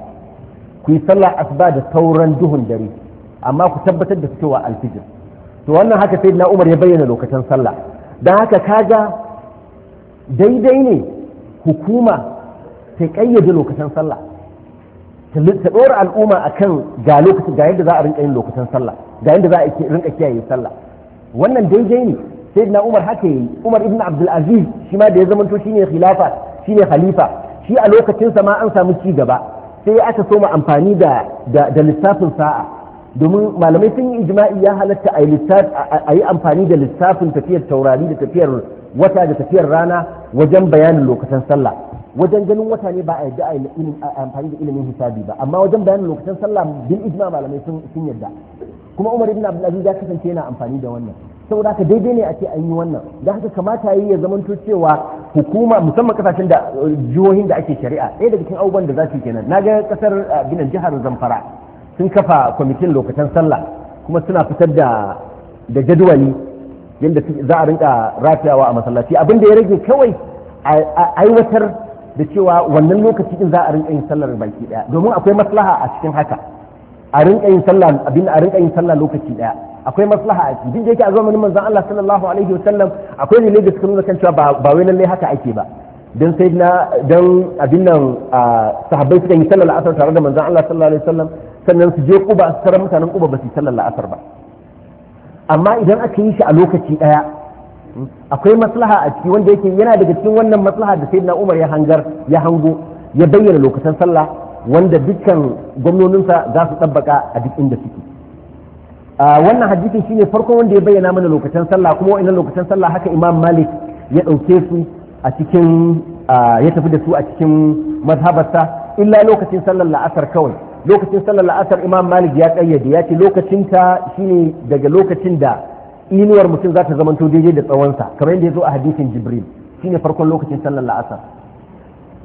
ku yi sallah asuba da sauran duhun dare amma ku tabbatar da fitowa alfijir to wannan haka sai na umar ya bayyana lokacin sallah don haka kaga daidai ne hukuma ta kayyade lokacin sallah ta ɗora al'umma a kan ga lokacin ga yadda za a rinƙa yin lokutan sallah ga yadda za a kiyaye sallah wannan daidai ne sai na umar haka yi umar ibn abdulaziz shi ma da ya zamanto shine khilafa shine khalifa shi a lokacinsa ma an samu ci gaba sai aka soma amfani da da lissafin sa'a domin malamai sun yi ijma'i ya halatta a yi amfani da lissafin tafiyar taurari da tafiyar wata da tafiyar rana wajen bayanin lokacin sallah wajen ganin wata ne ba a yadda a amfani da ilimin hisabi ba amma wajen bayanin lokacin sallah bin ijma malamai sun yarda. kuma Umar ibn Abdul ya kasance yana amfani da wannan saboda haka daidai ne a ce an yi wannan da haka kamata yi ya zamanto cewa hukuma musamman kasashen da jihohin da ake shari'a ɗaya daga cikin abubuwan da za su kenan na ga kasar binan jihar Zamfara sun kafa kwamitin lokacin sallah kuma suna fitar da da jadwali yadda za a rinka rafiyawa a masallaci abin da ya rage kawai a aiwatar da cewa wannan lokaci in za a rinka yin sallar baki daya domin akwai maslaha a cikin haka a rinka yin sallah abin a rinka yin sallah lokaci daya akwai maslaha a cikin yake a zamanin manzon Allah sallallahu alaihi wasallam akwai ne da suka nuna kan cewa ba wai lalle haka ake ba dan sai na dan abin nan sahabbai suka yi sallar asar tare da manzon Allah sallallahu alaihi wasallam sannan su je Quba su tarar mutanen Quba ba su sallar asar ba amma idan aka yi shi a lokaci daya akwai maslaha a ciki wanda yake yana daga cikin wannan maslaha da sayyidina Umar ya hangar ya hango ya bayyana lokacin sallah wanda dukkan gwamnoninsa za su tabbaka a duk inda suke wannan hadisin shine farkon wanda ya bayyana mana lokacin sallah kuma wannan lokacin sallah haka Imam Malik ya dauke su a cikin ya tafi da su a cikin mazhabarsa illa lokacin sallar la'asar kawai lokacin sallar la'asar Imam Malik ya kayyade ya ce lokacin ta shine daga lokacin da inuwar mutum za ta zamanto daidai da tsawonsa kamar yadda ya zo a hadisin jibril shine farkon lokacin sallar la'asar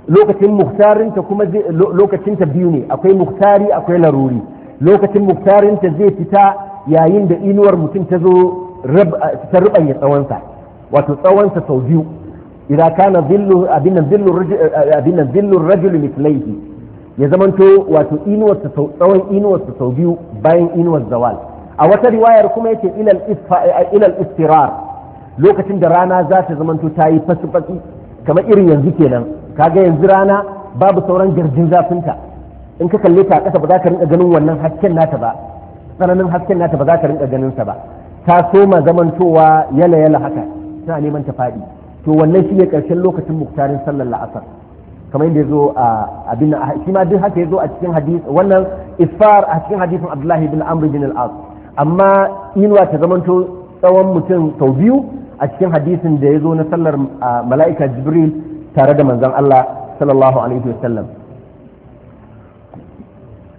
lokacin muhtarinta kuma lokacinta biyu ne akwai muhtari akwai laruri lokacin muhtarinta zai fita yayin da inuwar mutum ta zo ta rubanya tsawonsa wato tsawonsa sau biyu idan kana zillu abin nan zillu rajul mithlaihi ya zamanto wato inuwar sau tsawon inuwar ta sau biyu bayan inuwar zawal a wata riwayar kuma yake ilal istirar lokacin da rana za ta zamanto ta yi fasifasi kamar irin yanzu kenan kaga yanzu rana babu sauran garjin zafinta in ka kalle ta kasa ba za ka rinka ganin wannan hasken nata ba tsananin hasken nata ba za ka rinka ganin sa ba ta soma zamantowa yala yala haka tana neman ta faɗi to wannan shi ne ƙarshen lokacin muktarin sallar la'asar kamar yadda ya zo a abin shi ma duk haka ya zo a cikin hadis wannan isfar a cikin hadisin abdullahi bin amr bin al-as amma inuwa ta zamanto tsawon mutum sau biyu a cikin hadisin da ya zo na sallar mala'ika jibril tare da manzon Allah sallallahu alaihi wasallam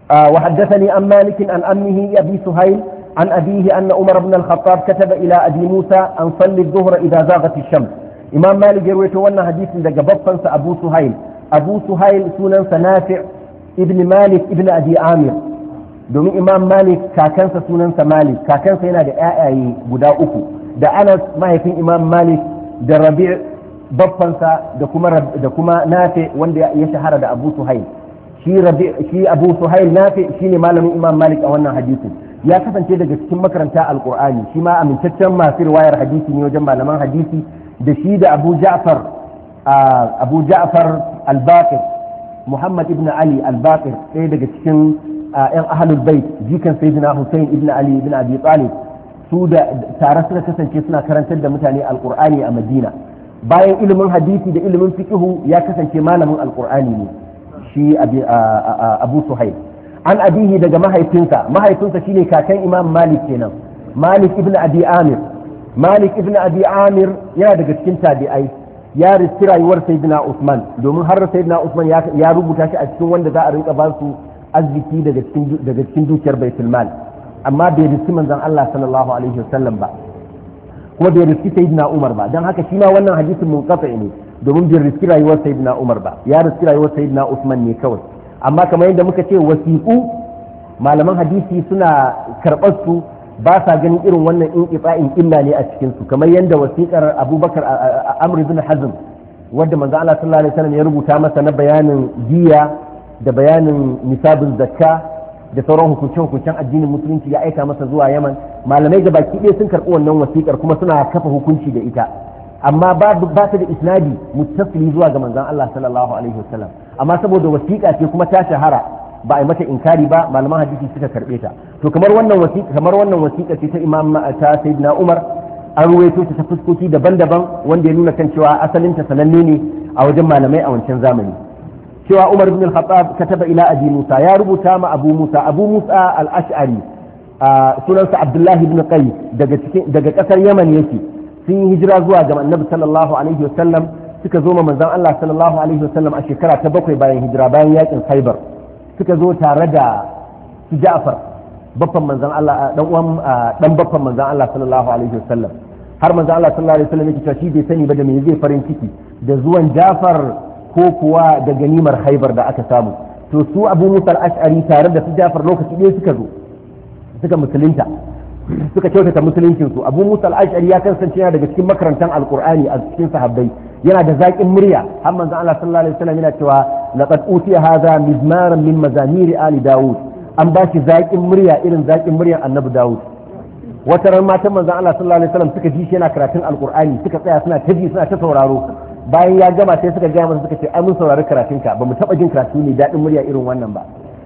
وحدثني عن مالك عن أمه أبي سهيل عن أبيه أن عمر بن الخطاب كتب إلى أبي موسى أن صلي الظهر إذا زاغت الشمس إمام مالك يروي تونا حديث لدى بطن أبو سهيل أبو سهيل سنن نافع ابن مالك ابن أبي عامر domin imam malik kakansa sunansa malik kakansa yana da yayaye guda uku da anas mahaifin imam malik da rabi' baffansa da kuma da kuma nafe wanda ya shahara da abu suhail shi rabi' shi abu suhail nafe shine malamin imam malik a wannan hadisi ya kasance daga cikin makaranta alqur'ani shi ma amintaccen masu riwayar hadisi ne wajen malaman hadisi da shi da abu ja'far abu ja'far al-baqir muhammad ibn ali al-baqir ɗaya daga cikin yan ahlul bait jikan sayyidina Hussein ibn Ali ibn Abi Talib su da tare suka kasance suna karantar da mutane al'kur'ani a Madina bayan ilimin hadisi da ilimin fikihu ya kasance malamin al'kur'ani ne shi Abu Suhaib an abihi daga mahaifinsa mahaifinsa shine kakan Imam Malik kenan Malik ibn Abi Amir Malik ibn Abi Amir yana daga cikin tabi'ai ya riski rayuwar Sayyidina Usman domin har Sayyidina Usman ya rubuta shi a cikin wanda za a rinka ba su arziki daga cikin dukiyar baitul mal amma bai riski manzon Allah sallallahu alaihi wasallam ba kuma bai riski sayyidina Umar ba dan haka shi ma wannan hadisin munqati ne domin bai riski rayuwar sayyidina Umar ba ya riski rayuwar sayyidina Usman ne kawai amma kamar yadda muka ce wasiqu malaman hadisi suna karɓar su ba sa ganin irin wannan inqita'in illa ne a cikin su kamar yadda wasiƙar Abubakar Amr ibn Hazm wanda manzo Allah sallallahu alaihi wasallam ya rubuta masa na bayanin jiya da bayanin nisabin zakka da sauran hukunce-hukuncen addinin musulunci ya aika masa zuwa yaman malamai da baki ɗaya sun karɓi wannan wasiƙar kuma suna kafa hukunci da ita amma ba ta da isnadi mutasili zuwa ga manzon Allah sallallahu alaihi wasallam amma saboda wasiƙa ce kuma ta shahara ba a yi mata inkari ba malaman hadisi suka karɓe ta to kamar wannan wasiƙa kamar wannan wasiƙa ce ta imam ta sayyidina Umar an ruwaito ta fuskoki daban-daban wanda ya nuna kan cewa asalin ta sananne ne a wajen malamai a wancan zamani cewa Umar bin Al-Khattab kataba ila Abi Musa ya rubuta ma Abu Musa Abu Musa al-Ash'ari sunansa Abdullah ibn Qais daga cikin daga kasar Yaman yake sun yi hijira zuwa ga Annabi sallallahu alaihi wasallam suka zo ma manzon Allah sallallahu alaihi wasallam a shekara ta bakwai bayan hijira bayan yakin Khaibar suka zo tare da Ja'far baffan manzon Allah dan uwan dan baffan manzon Allah sallallahu alaihi wasallam har manzon Allah sallallahu alaihi wasallam yake cewa shi bai sani ba da me zai farin ciki da zuwan Ja'far ko kuwa da ganimar haibar da aka samu to su abu musar ash'ari tare da su jafar lokaci ɗaya suka zo suka musulunta suka kyautata musuluncin su abu musar ash'ari ya kasance yana daga cikin makarantar alkur'ani a cikin sahabbai yana da zaƙin murya har manzon Allah sallallahu alaihi wasallam yana cewa laqad utiya hadha mizmaran min mazamiri ali daud an ba shi zaƙin murya irin zaƙin muryar annabi dawud wata ran matan manzon Allah sallallahu alaihi wasallam suka ji shi yana karatun alkur'ani suka tsaya suna taji suna ta sauraro bayan ya gama sai suka gaya masa suka ce ai mun saurari karatunka ka bamu taɓa jin karatu ne daɗin murya irin wannan ba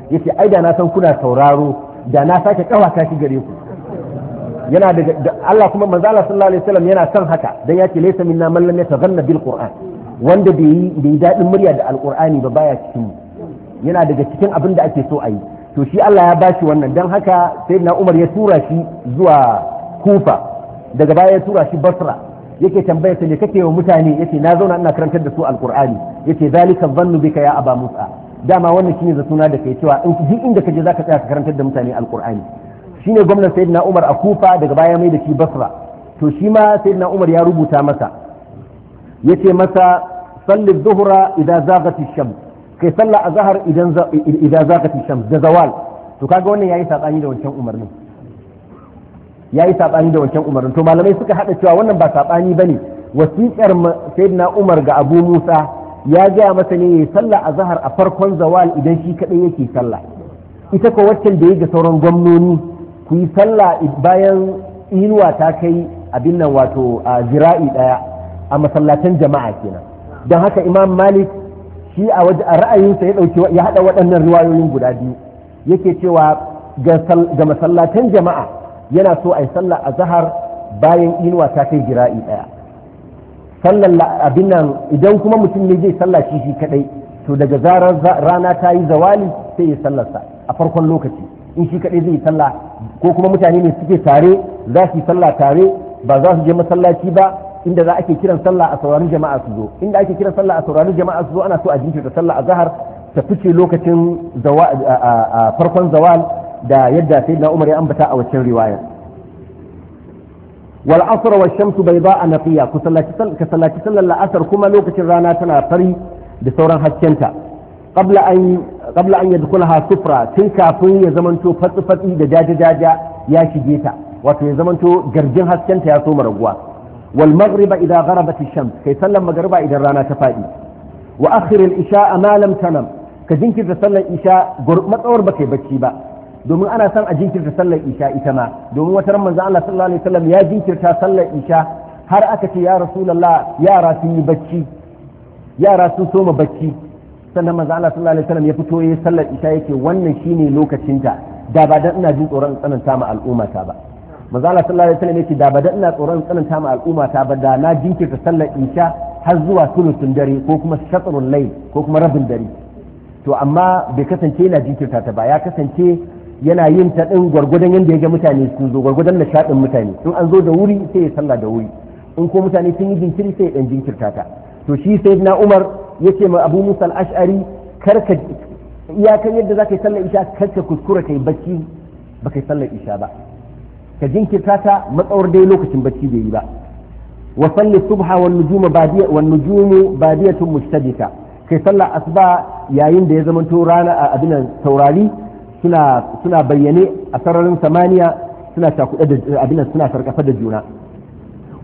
yace ai da na san kuna sauraro da na sake kawata shi gare ku yana da Allah kuma manzo Allah sallallahu alaihi wasallam yana son haka dan yace laysa minna man lam yataghanna bil qur'an wanda bai yi bai dadin murya da alqur'ani ba baya cikin yana daga cikin abin da ake so a yi to shi Allah ya bashi wannan dan haka sayyidina Umar ya tura shi zuwa Kufa daga baya ya tura shi Basra yake tambaya ta ne kake wa mutane yace na zauna ina karantar da su alqur'ani yace zalika dhannu bika ya aba musa dama wannan shine za suna da kai cewa in duk inda kaje zaka tsaya ka karantar da mutane alqur'ani shine gwamnatin sayyidina umar a kufa daga baya mai da shi basra to shi ma sayyidina umar ya rubuta masa yace masa salli dhuhra idza zaghati shams kai salla azhar idan idza zaghati shams da zawal to kaga wannan yayi sakani da wancan umarnin ya yi saɓani da wancan umarnin to malamai suka haɗa cewa wannan ba saɓani ba ne wasiƙar sayyidina umar ga abu musa ya gaya masa ne ya yi sallah a zahar a farkon zawal idan shi kaɗai yake sallah ita ko waccan da ya ga sauran gwamnoni ku yi sallah bayan inuwa ta kai abin nan wato a zira'i ɗaya a masallatan jama'a kenan don haka imam malik shi a ra'ayinsa ya ɗauki ya haɗa waɗannan riwayoyin guda biyu yake cewa ga masallatan jama'a yana so a yi sallar azahar bayan inuwa ta kai jira'i ɗaya sallar abin nan idan kuma mutum ne zai sallah shi shi kadai to daga zarar rana ta yi zawali sai ya sallarsa a farkon lokaci in shi kadai zai yi sallar ko kuma mutane ne suke tare za su yi sallar tare ba za su je masallaci ba inda za ake kiran sallah a sauraron jama'a su zo inda ake kiran sallah a sauraron jama'a su zo ana so a jinkirta sallah a zahar ta fice lokacin farkon zawal da yadda sai na umar ya ambata a waccan riwaya wal asr wa shamsu bayda a nafiya. ku sallaci ka sallaci sallar la'asar kuma lokacin rana tana fari da sauran haskenta qabla an qabla an yadkhulaha sufra tun kafin ya zamanto fatsi fatsi da jaja jaja ya shige ta wato ya zamanto garjin haskenta ya soma raguwa wal maghriba idza gharabat ash-shams kai sallar magriba idan rana ta fadi wa akhir al-isha ma lam tanam ka jinkirta sallar isha matsawar ba kai bacci ba domin ana son a jinkirta sallar isha ita ma domin wata ran manzo Allah sallallahu alaihi wasallam ya jinkirta sallar isha har aka ce ya rasulullah yara sun yi bacci yara sun soma bacci sannan manzo Allah sallallahu alaihi wasallam ya fito yayin sallar isha yake wannan shine lokacin ta da ba dan ina jin tsoron tsananta ma al'umma ta ba manzo Allah sallallahu alaihi wasallam yake da ba dan ina tsoron tsananta ma al'umma ta ba da na jinkirta sallar isha har zuwa sulutun dare ko kuma shatrul layl ko kuma rabin dare to amma bai kasance yana jinkirta ta ba ya kasance yana yin ta din gwargwadon yadda ya ga mutane sun zo gwargwadon nishadin mutane in an zo da wuri sai ya sallah da wuri in ko mutane sun yi jinkiri sai ya dan jinkirta ta to shi na Umar yace ma Abu Musa al karka iyakan yadda zaka yi sallar isha karka kuskura kai bacci ba yi sallar isha ba ka jinkirta ta matsawar dai lokacin bacci bai yi ba wa salli subha wan nujuma badiya wan nujumu badiyatun mustabika kai sallar asuba yayin da ya zamanto rana a abinan taurari suna bayyane a sararin samaniya suna cakuɗe da abin suna sarkafa da juna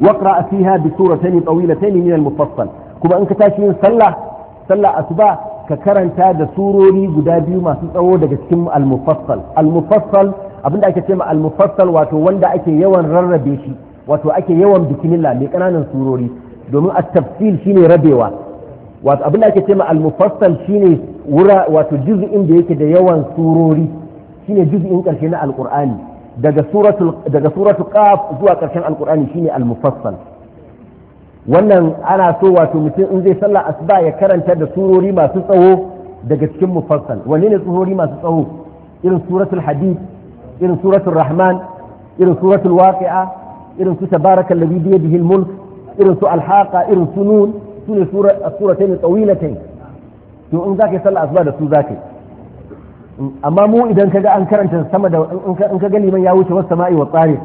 waqra fiha bi suratayn tawilatayn min al-mufassal kuma in ka tashi yin sallah sallah asuba ka karanta da surori guda biyu masu tsawo daga cikin al-mufassal al-mufassal abinda ake cewa al-mufassal wato wanda ake yawan rarrabe shi wato ake yawan bismillah mai kananan surori domin at-tafsil shine rabewa wato abinda ake cewa al-mufassal shine wura wato juz'in da yake da yawan surori shine juz'in karshe na alqur'ani daga suratul daga qaf zuwa karshen alqur'ani shine al-mufassal wannan ana so wato mutum in zai sallah asuba ya karanta da surori masu tsawo daga cikin mufassal wanne ne surori masu tsawo irin suratul hadid irin suratul rahman irin suratul waqi'a irin su tabarakal ladhi bi yadihi al-mulk irin su al-haqa irin su sune suratayn tawilatain to in zaka yi sallah asuba da su zaka yi amma mu idan kaga an karanta sama da in kaga liman ya wuce wasu sama'i wa tsari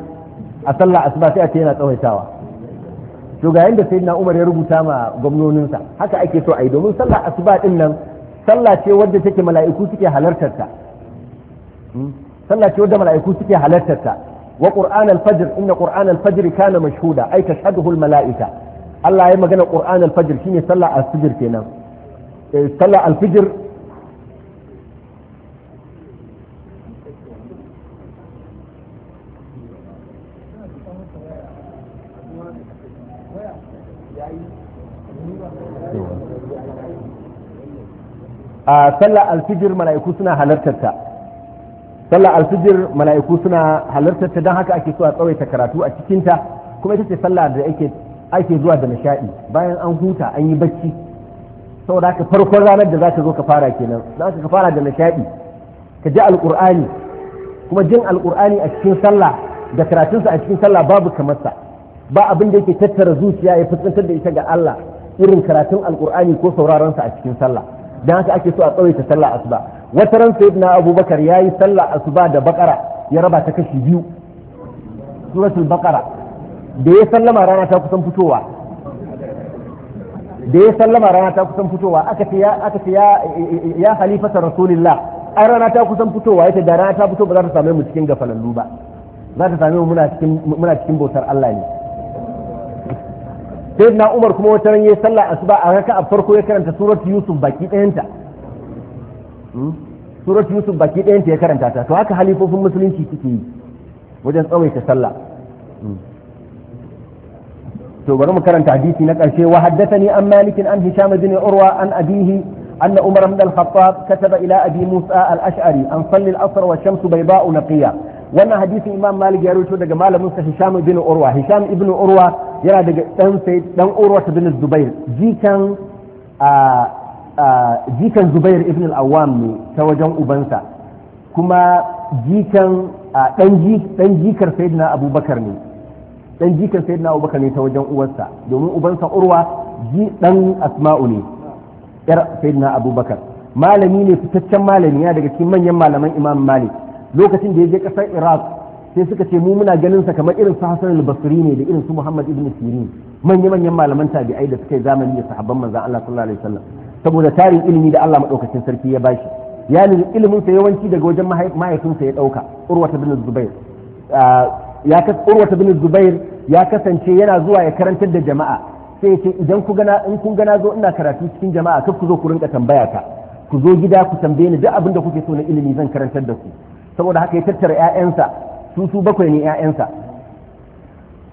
a sallah asuba sai a ce yana tsawaitawa to ga yanda sayyidina Umar ya rubuta ma gwamnoninsa haka ake so a yi domin sallah asuba din nan sallah ce wadda take mala'iku suke halartar ta hmm? sallah ce wadda mala'iku suke halartar ta wa qur'an al-fajr inna qur'an al-fajr kana mashhuda ay tashhaduhu al-mala'ika Allah ya magana qur'an al-fajr shine sallah asfajr kenan Eh, sallar alfijir a sallar alfijir mala'iku suna halartarta sallar alfijir mala'iku suna halartarta don haka ake so a tsawaita karatu a cikinta kuma ita ce sallar da ake zuwa da nishaɗi bayan an huta an yi bacci saboda haka farkon ranar da za ka zo ka fara kenan za ka fara da nishaɗi ka ji alƙur'ani kuma jin alƙur'ani a cikin sallah da karatunsa a cikin sallah babu kamar sa ba abin da yake tattara zuciya ya fuskantar da ita ga Allah irin karatun alƙur'ani ko sauraron sa a cikin sallah dan haka ake so a tsawaita sallah asuba wata ran sayyidina abubakar yayi sallah asuba da bakara ya raba ta kashi biyu suratul bakara da ya sallama rana ta kusan fitowa da ya sallama rana ta kusan fitowa aka ce ya aka ce ya ya halifata rasulullah ai rana ta kusan fitowa yace da rana ta fito ba za ta same mu cikin gafalallu ba za ta same mu muna cikin muna cikin bautar Allah ne sai na Umar kuma wata ran yayi sallah asuba a raka a farko ya karanta suratu Yusuf baki dayanta, hmm? suratu Yusuf baki dayanta ya karanta ta to haka halifofin musulunci suke yi wajen tsawaita sallah hmm. to bari mu karanta hadisi na karshe wa haddathani an malik an hisham bin urwa an abihi أن عمر بن الخطاب كتب Musa Al-Ashari الأشعري أن صلي العصر والشمس بيضاء نقية wannan hadisin imam malik ya rubuto daga malamin sa hisham bin urwa hisham ibn urwa yana daga dan sai dan urwa bin zubair jikan jikan zubair ibn al-awwam ne ta wajen ubansa kuma jikan dan jikar sayyidina abubakar ne dan jikan sayyidina Abu Bakar ne ta wajen uwarsa domin ubansa urwa ji dan asma'u ne yar sayyidina Abu abubakar malami ne fitaccen malami ya daga cikin manyan malaman imam malik lokacin da ya je kasar iraq sai suka ce mu muna ganin sa kamar irin su hasan al-basri ne da irin su muhammad ibn sirin manya manyan malaman tabi'ai da suka yi zamani da sahabban manzon Allah sallallahu alaihi wasallam saboda tarin ilimi da Allah madaukakin sarki ya bashi ya ilimin sa yawanci daga wajen mahaifinsa ya dauka urwata bin zubair ah, ya kas Urwa bin zubair ya kasance yana zuwa ya karantar da jama'a sai ce idan ku gana in kun gana zo ina karatu cikin jama'a kar ku zo ku rinka tambaya ta ku zo gida ku tambaye ni duk abin da kuke so na ilimi zan karantar da ku saboda haka ya tattara ƴaƴansa su su bakwai ne ƴaƴansa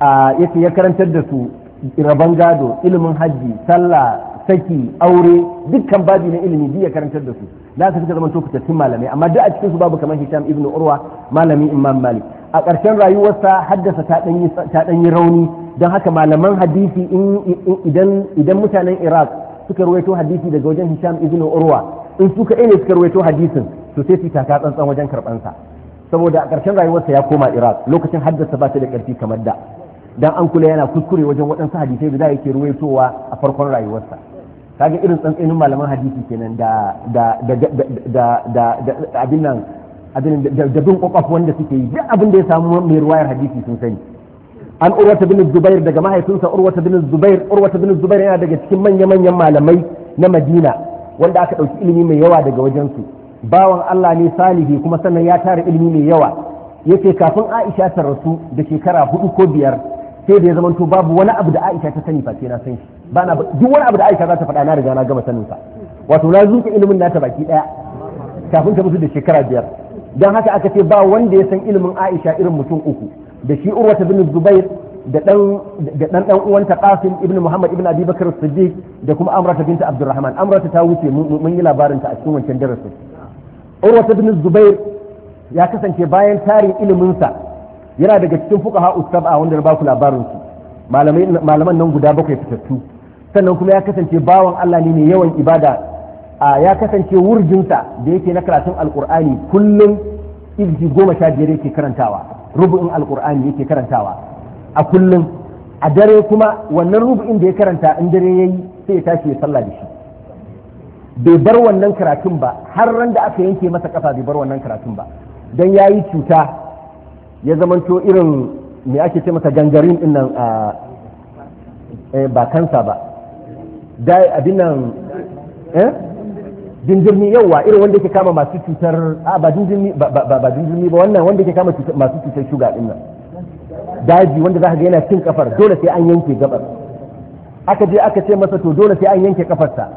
a yace ya karantar da su rabon gado ilimin hajji sallah saki aure dukkan babi na ilimi duk ya karantar da su za su fita zama to fitattun malamai amma duk a cikin su babu kamar Hisham ibn Urwa malami Imam Malik a ƙarshen rayuwarsa haddasa ta ɗanyi rauni don haka malaman hadisi idan mutanen iraq suka ruwaito hadisi daga wajen hisham ibn urwa in suka kaɗai ne suka ruwaito hadisin to sai su taka tsantsan wajen karɓansa saboda a ƙarshen rayuwarsa ya koma iraq lokacin haddasa ba ta da ƙarfi kamar da dan an kula yana kuskure wajen waɗansu hadisai da yake ruwaitowa a farkon rayuwarsa kaga irin tsantsanin malaman hadisi kenan da da abin nan abin da bin kwakwaf wanda suke yi duk abin da ya samu mai ruwayar hadisi sun sani an urwata bin zubair daga mahaifinsa urwata bin zubair urwata bin zubair yana daga cikin manya-manyan malamai na madina wanda aka dauki ilimi mai yawa daga wajensu bawan allah ne salihi kuma sannan ya tara ilimi mai yawa yace kafin aisha ta rasu da shekara hudu ko biyar sai da ya zamanto babu wani abu da aisha ta sani face na san shi ba na duk wani abu da aisha za ta faɗa na riga na gama sanin sa wato na zuke ilimin nata baki daya kafin ta mutu da shekara biyar don haka aka ce ba wanda ya san ilimin aisha irin mutum uku da shi urwata bin zubair da dan dan uwanta qasim ibn muhammad ibn abi bakr siddiq da kuma amrata binta abdurrahman amrata ta wuce mun yi labarin ta a cikin wancan darasin urwata bin zubair ya kasance bayan tarin ilimin sa yana daga cikin fuqaha usaba wanda na baku labarin su malaman nan guda bakwai fitattu sannan kuma ya kasance bawan Allah ne mai yawan ibada A ya kasance wurjinta da yake na karatun alkur'ani kullum izji goma sha biyar yake karantawa rubu'in alkur'ani yake karantawa a kullum a dare kuma wannan rubu'in da ya karanta in dare ya yi, sai ya tashi ya sallah da shi bai bar wannan karatun ba har ran da aka yanke masa kafa bai bar wannan karatun ba dan yi cuta ya zamanto irin me ake ce masa gangarin din nan ba kansa ba dai abin nan eh jinjirmi yauwa irin wanda ke kama masu cutar a ba jinjirmi ba jinjirmi ba wannan wanda ke kama masu cutar shuga din nan daji wanda za ka ga yana cin kafar dole sai an yanke gabar aka je aka ce masa to dole sai an yanke kafarsa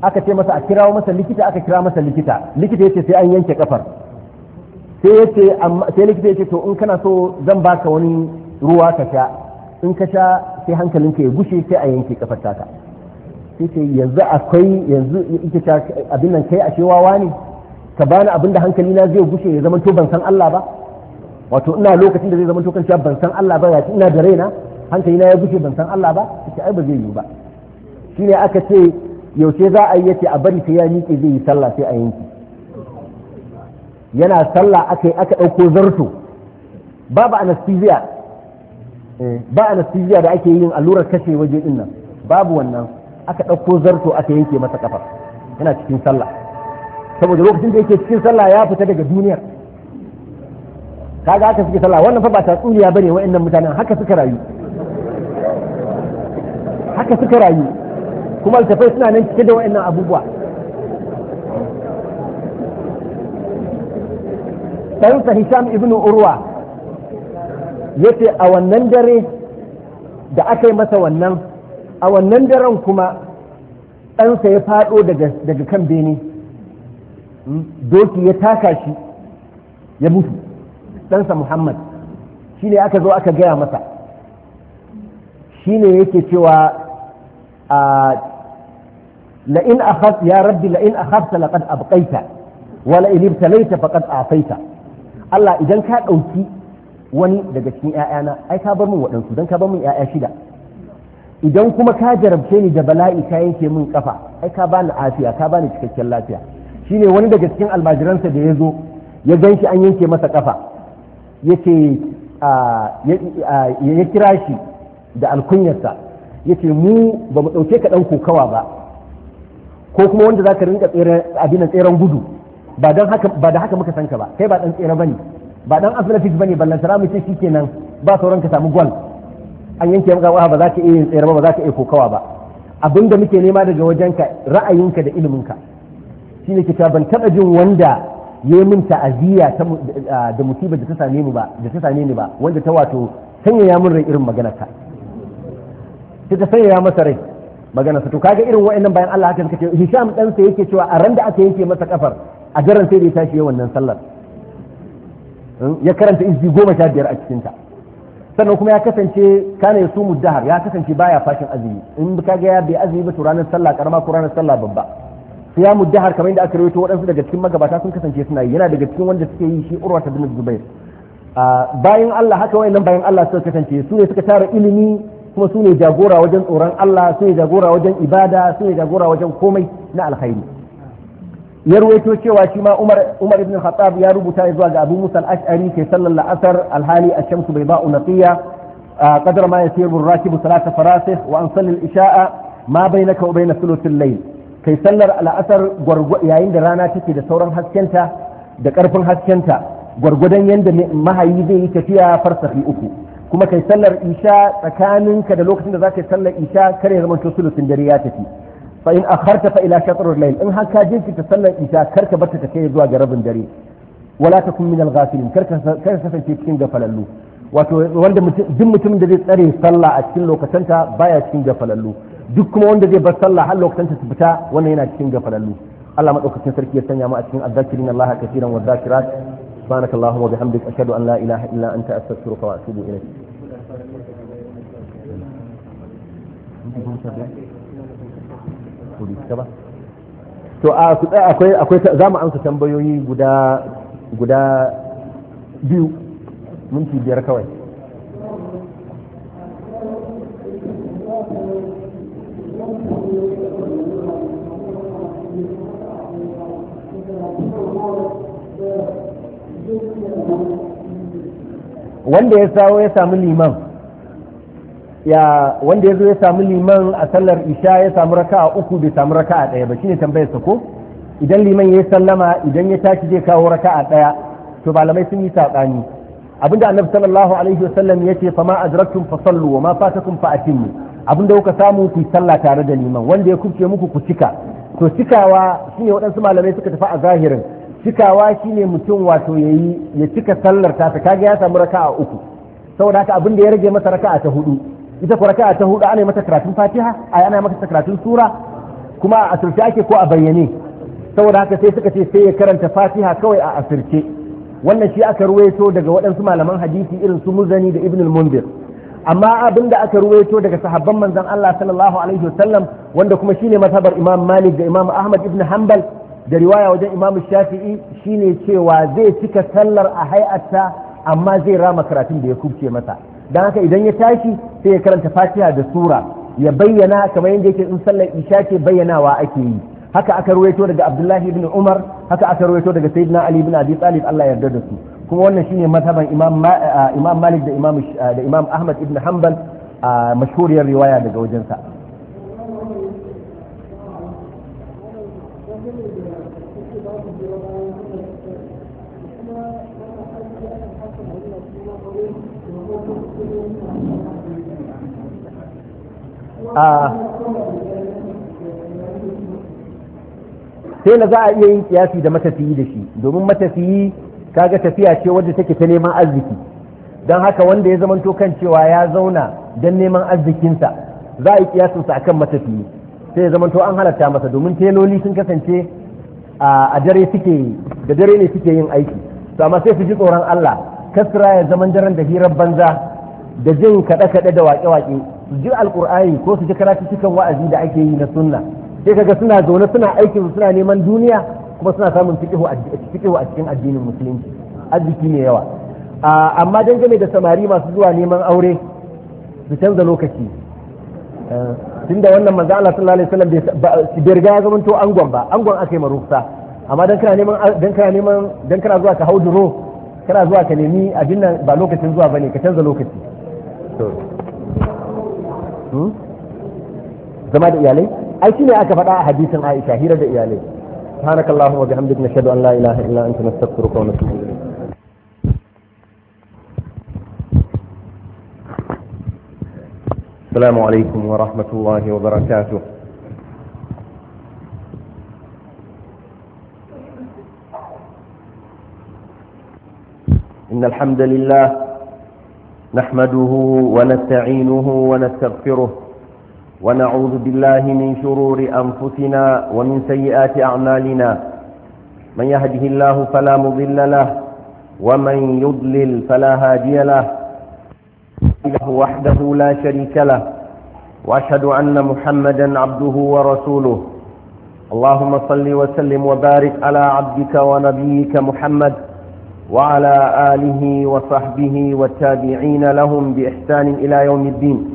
aka ce masa a kirawo masa likita aka kira masa likita likita yace sai an yanke kafar sai yace amma sai likita yace to in kana so zan baka wani ruwa ka sha in ka sha sai hankalinka ya gushe sai a yanke kafar ka. sai yanzu akwai yanzu ita abin nan kai ashe wawa ne ka bani abin da hankali na zai gushe ya zama to ban san Allah ba wato ina lokacin da zai zama to kan cewa ban san Allah ba yaci ina da raina hankali na ya gushe ban san Allah ba kace ai ba zai yi ba shine aka ce yaushe za a yi yace a bari sai ya miƙe zai yi sallah sai a yanki yana sallah aka aka dauko zarto babu anesthesia eh, ba anesthesia da ake yin allurar kashe waje din nan babu wannan aka ɗauko zarto aka yanke masa ƙafa yana cikin sallah saboda lokacin da yake cikin sallah ya fita daga duniyar kaga aka suke sallah wannan fa ba tatsuniya bane wa'annan mutanen haka suka rayu haka suka rayu kuma altafai suna nan cike da wa'annan abubuwa ɗansa Hisham ibn Urwa yace a wannan dare da aka yi masa wannan a wannan daren kuma ɗansa ya faɗo daga kan bene hmm? doki ya taka shi ya mutu ɗansa muhammad shi ne aka zo aka gaya masa shi ne yake cewa a la'in akhaf ya rabbi la'in akhafta laqad abqaita wala ilimta in ibtalaita faqad afaita Allah idan ka ɗauki wani daga cikin ‘ya'yana ai ka bar min waɗansu don ka bar min ‘ya'ya shida idan kuma ka jarabce ni da bala'i ka yanke min kafa ai ka bani afiya ka bani cikakken lafiya shine wani daga cikin almajiransa da ya zo ya gan an yanke masa kafa yake ya kira shi da alkunyarsa yake mu ba mu ɗauke ka ɗan kokawa ba ko kuma wanda za ka rinka abin tseren gudu ba da haka muka san ka ba kai ba ɗan tsere ba ne ba ɗan athletics ba ne ballantara mu ce shi kenan ba sauran ka samu gwal an yanke maka ba za ka iya yin tsere ba ba za ka iya kokawa ba abin da muke nema daga wajenka ra'ayinka da iliminka shine ke ban taba jin wanda ya yi min ta'aziyya da musibar da ta same ni ba da ta same ni ba wanda ta wato sanyaya min rai irin maganar ka sai ta sanyaya masa rai maganar sa to kaga irin wa'annan bayan Allah haka suka ce Hisham dan sa yake cewa a ran da aka yanke masa kafar a garan sai da ya tashi wannan sallar hmm? ya karanta izbi goma sha biyar a cikin ta sannan kuma ya kasance kana ya sumu dahar ya kasance baya fashin azumi in ka ga ya bai azumi ba to ranar sallah karama ko ranar sallah babba mu dahar kamar yadda aka rawaito waɗansu daga cikin magabata sun kasance suna yi yana daga cikin wanda suke yi shi urwa ta bin zubair bayan Allah haka wayannan bayan Allah suka kasance su ne suka tara ilimi kuma su ne jagora wajen tsoron Allah su ne jagora wajen ibada su ne jagora wajen komai na alkhairi ya ruwaito cewa shi ma Umar Umar ibn Khattab ya rubuta zuwa ga Abu Musa al-Ash'ari ke sallar la'asar alhali ash-shamsu bayda'u naqiya qadra ma yasiru ar-rakibu salata farasikh wa an salli al-isha'a ma bainaka wa bayna thuluth al-layl kai sallar al'asar yayin da rana take da sauran haskenta da karfin haskenta gwargwadon yadda mahayi zai yi tafiya farsafi uku kuma kai sallar isha tsakaninka da lokacin da za ka sallar isha kare zaman to sulusin dare ya tafi fa in akharta fa ila shatr al-layl in har ka jinkirta sallar isha karka barta ta kai zuwa ga rabin dare wala takun min al-ghafilin karka karka kasance cikin gafalallu wato wanda duk mutumin da zai tsare sallah a cikin lokacanta baya cikin gafalallu duk kuma wanda zai bar sallah har lokacinta su fita wannan yana cikin gafalallu Allah madaukakin sarki ya sanya mu a cikin azzakirin Allah kaseeran wa zakirat سبحانك اللهم وبحمدك أشهد أن لا إله إلا أنت أستغفرك وأتوب إليك. ba to a ku tsaya akwai akwai za mu amsa tambayoyi guda guda biyu minti biyar kawai wanda ya sawo ya samu liman ya wanda ya zo ya samu liman a sallar isha ya samu a uku bai samu raka a ɗaya ba shine tambayar sa ko idan liman ya sallama idan ya tashi zai kawo a ɗaya to malamai sun yi saɓani abinda annabi sallallahu alaihi sallam ya ce fama adraktum fa sallu wa ma fatakum fa atimmu abinda kuka samu ku sallah tare da liman wanda ya kuke muku ku cika to cikawa shine waɗansu malamai suka tafi a zahirin cikawa shine mutum wato yayi ya cika sallar ta kaga ya samu a uku saboda haka abinda ya rage masa a ta hudu ita ko raka'a ta hudu ana yi mata karatun fatiha a ana mata karatun sura kuma a asirce ake ko a bayyane saboda haka sai suka ce sai ya karanta fatiha kawai a asirce wannan shi aka ruwaito daga waɗansu malaman hadisi irin su muzani da ibn mundir amma abin da aka ruwaito daga sahabban manzon Allah sallallahu alaihi wasallam wanda kuma shine mazhabar imam malik da imam ahmad ibn hanbal da riwaya wajen imam shafi'i shine cewa zai cika sallar a hay'atta amma zai rama karatun da ya kubce masa dan haka idan ya tashi sai ya karanta fatiha da sura ya bayyana kamar yadda yake in sallar isha ke bayyanawa ake yi haka aka ruwaito daga abdullahi ibn umar haka aka ruwaito daga sayyidina ali ibn abi talib Allah yarda da su kuma wannan shine mazhaban imam imam malik da imam da imam ahmad ibn hanbal mashhuriyar riwaya daga wajensa saina na za a iya yin kiyasi da matafiyi da shi domin matafiyi kaga tafiya ce wadda take ta neman arziki don haka wanda ya zamanto kan cewa ya zauna don neman arzikinsa za a yi kiyasinsa akan matafiyi sai ya zamanto an halatta masa domin teloli sun kasance a dare suke da dare ne suke yin aiki to amma sai su ji tsoron Allah kasra ya zaman daren da hirar banza da jin kaɗe-kaɗe da waƙe-waƙe su ji alkur'ani ko su ji karatu cikin wa'azi da ake yi na sunna sai kaga suna zaune suna aikin suna neman duniya kuma suna samun fiqhu a cikin addinin musulunci arziki ne yawa amma dangane da samari masu zuwa neman aure su canza lokaci eh, tunda wannan manzo Allah sallallahu alaihi wasallam bai riga ya to angon ba angon aka yi ruksa amma dan kana neman dan kana neman dan kana zuwa ka hauduro kana zuwa ka nemi abin nan ba lokacin zuwa bane ka canza lokaci to Hmm? zama da iyalai ai shi ne aka faɗa a hadisin aisha hira da اللهم وبحمدك نشهد ان لا اله الا انت نستغفرك ونتوب السلام عليكم ورحمة الله وبركاته إن الحمد لله نحمده ونستعينه ونستغفره ونعوذ بالله من شرور أنفسنا ومن سيئات أعمالنا من يهده الله فلا مضل له ومن يضلل فلا هادي له إله وحده لا شريك له وأشهد أن محمدا عبده ورسوله اللهم صل وسلم وبارك على عبدك ونبيك محمد وعلى آله وصحبه والتابعين لهم بإحسان إلى يوم الدين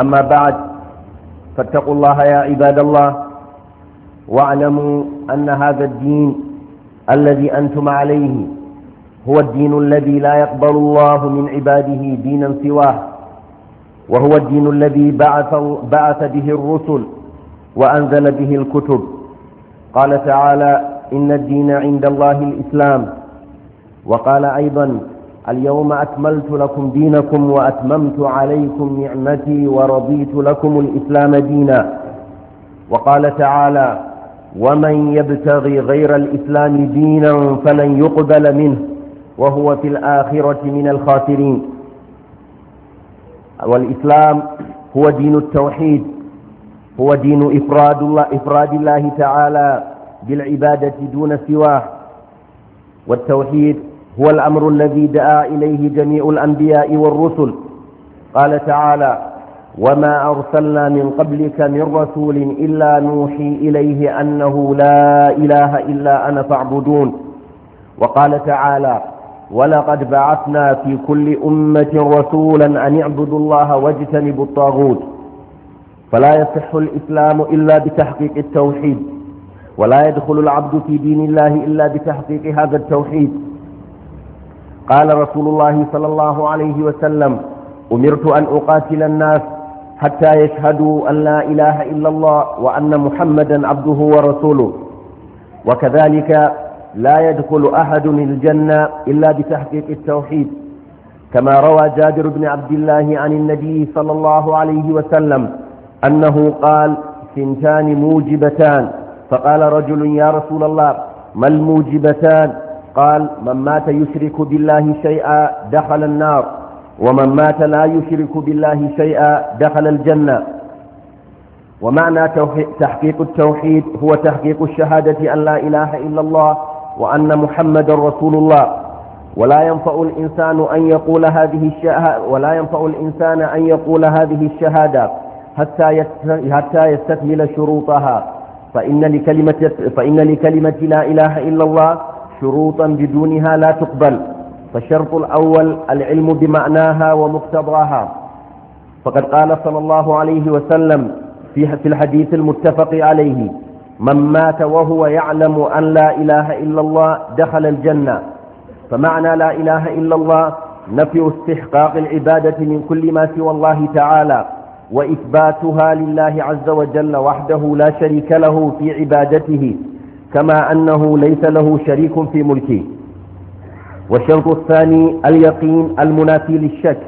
أما بعد فاتقوا الله يا عباد الله واعلموا أن هذا الدين الذي أنتم عليه هو الدين الذي لا يقبل الله من عباده دينا سواه وهو الدين الذي بعث, بعث به الرسل وأنزل به الكتب قال تعالى إن الدين عند الله الإسلام وقال أيضا اليوم أكملت لكم دينكم وأتممت عليكم نعمتي ورضيت لكم الإسلام دينا وقال تعالى ومن يبتغي غير الإسلام دينا فلن يقبل منه وهو في الآخرة من الخاسرين والإسلام هو دين التوحيد هو دين إفراد الله, إفراد الله تعالى بالعبادة دون سواه والتوحيد هو الأمر الذي دعا إليه جميع الأنبياء والرسل قال تعالى وما أرسلنا من قبلك من رسول إلا نوحي إليه أنه لا إله إلا أنا فاعبدون وقال تعالى ولقد بعثنا في كل أمة رسولا أن اعبدوا الله واجتنبوا الطاغوت فلا يصح الإسلام إلا بتحقيق التوحيد ولا يدخل العبد في دين الله إلا بتحقيق هذا التوحيد قال رسول الله صلى الله عليه وسلم أمرت أن أقاتل الناس حتى يشهدوا أن لا إله إلا الله وأن محمدا عبده ورسوله وكذلك لا يدخل أحد الجنة إلا بتحقيق التوحيد كما روى جابر بن عبد الله عن النبي صلى الله عليه وسلم أنه قال سنتان موجبتان فقال رجل يا رسول الله ما الموجبتان قال من مات يشرك بالله شيئا دخل النار ومن مات لا يشرك بالله شيئا دخل الجنة ومعنى تحقيق التوحيد هو تحقيق الشهادة أن لا إله إلا الله وأن محمد رسول الله ولا ينفع الإنسان أن يقول هذه ولا ينفع الإنسان أن يقول هذه الشهادة حتى حتى يستكمل شروطها فإن لكلمة, فإن لكلمة لا إله إلا الله شروطا بدونها لا تقبل فالشرط الأول العلم بمعناها ومقتضاها فقد قال صلى الله عليه وسلم في الحديث المتفق عليه من مات وهو يعلم أن لا إله إلا الله دخل الجنة فمعنى لا إله إلا الله نفي استحقاق العبادة من كل ما سوى الله تعالى وإثباتها لله عز وجل وحده لا شريك له في عبادته كما أنه ليس له شريك في ملكه والشرط الثاني اليقين المنافي للشك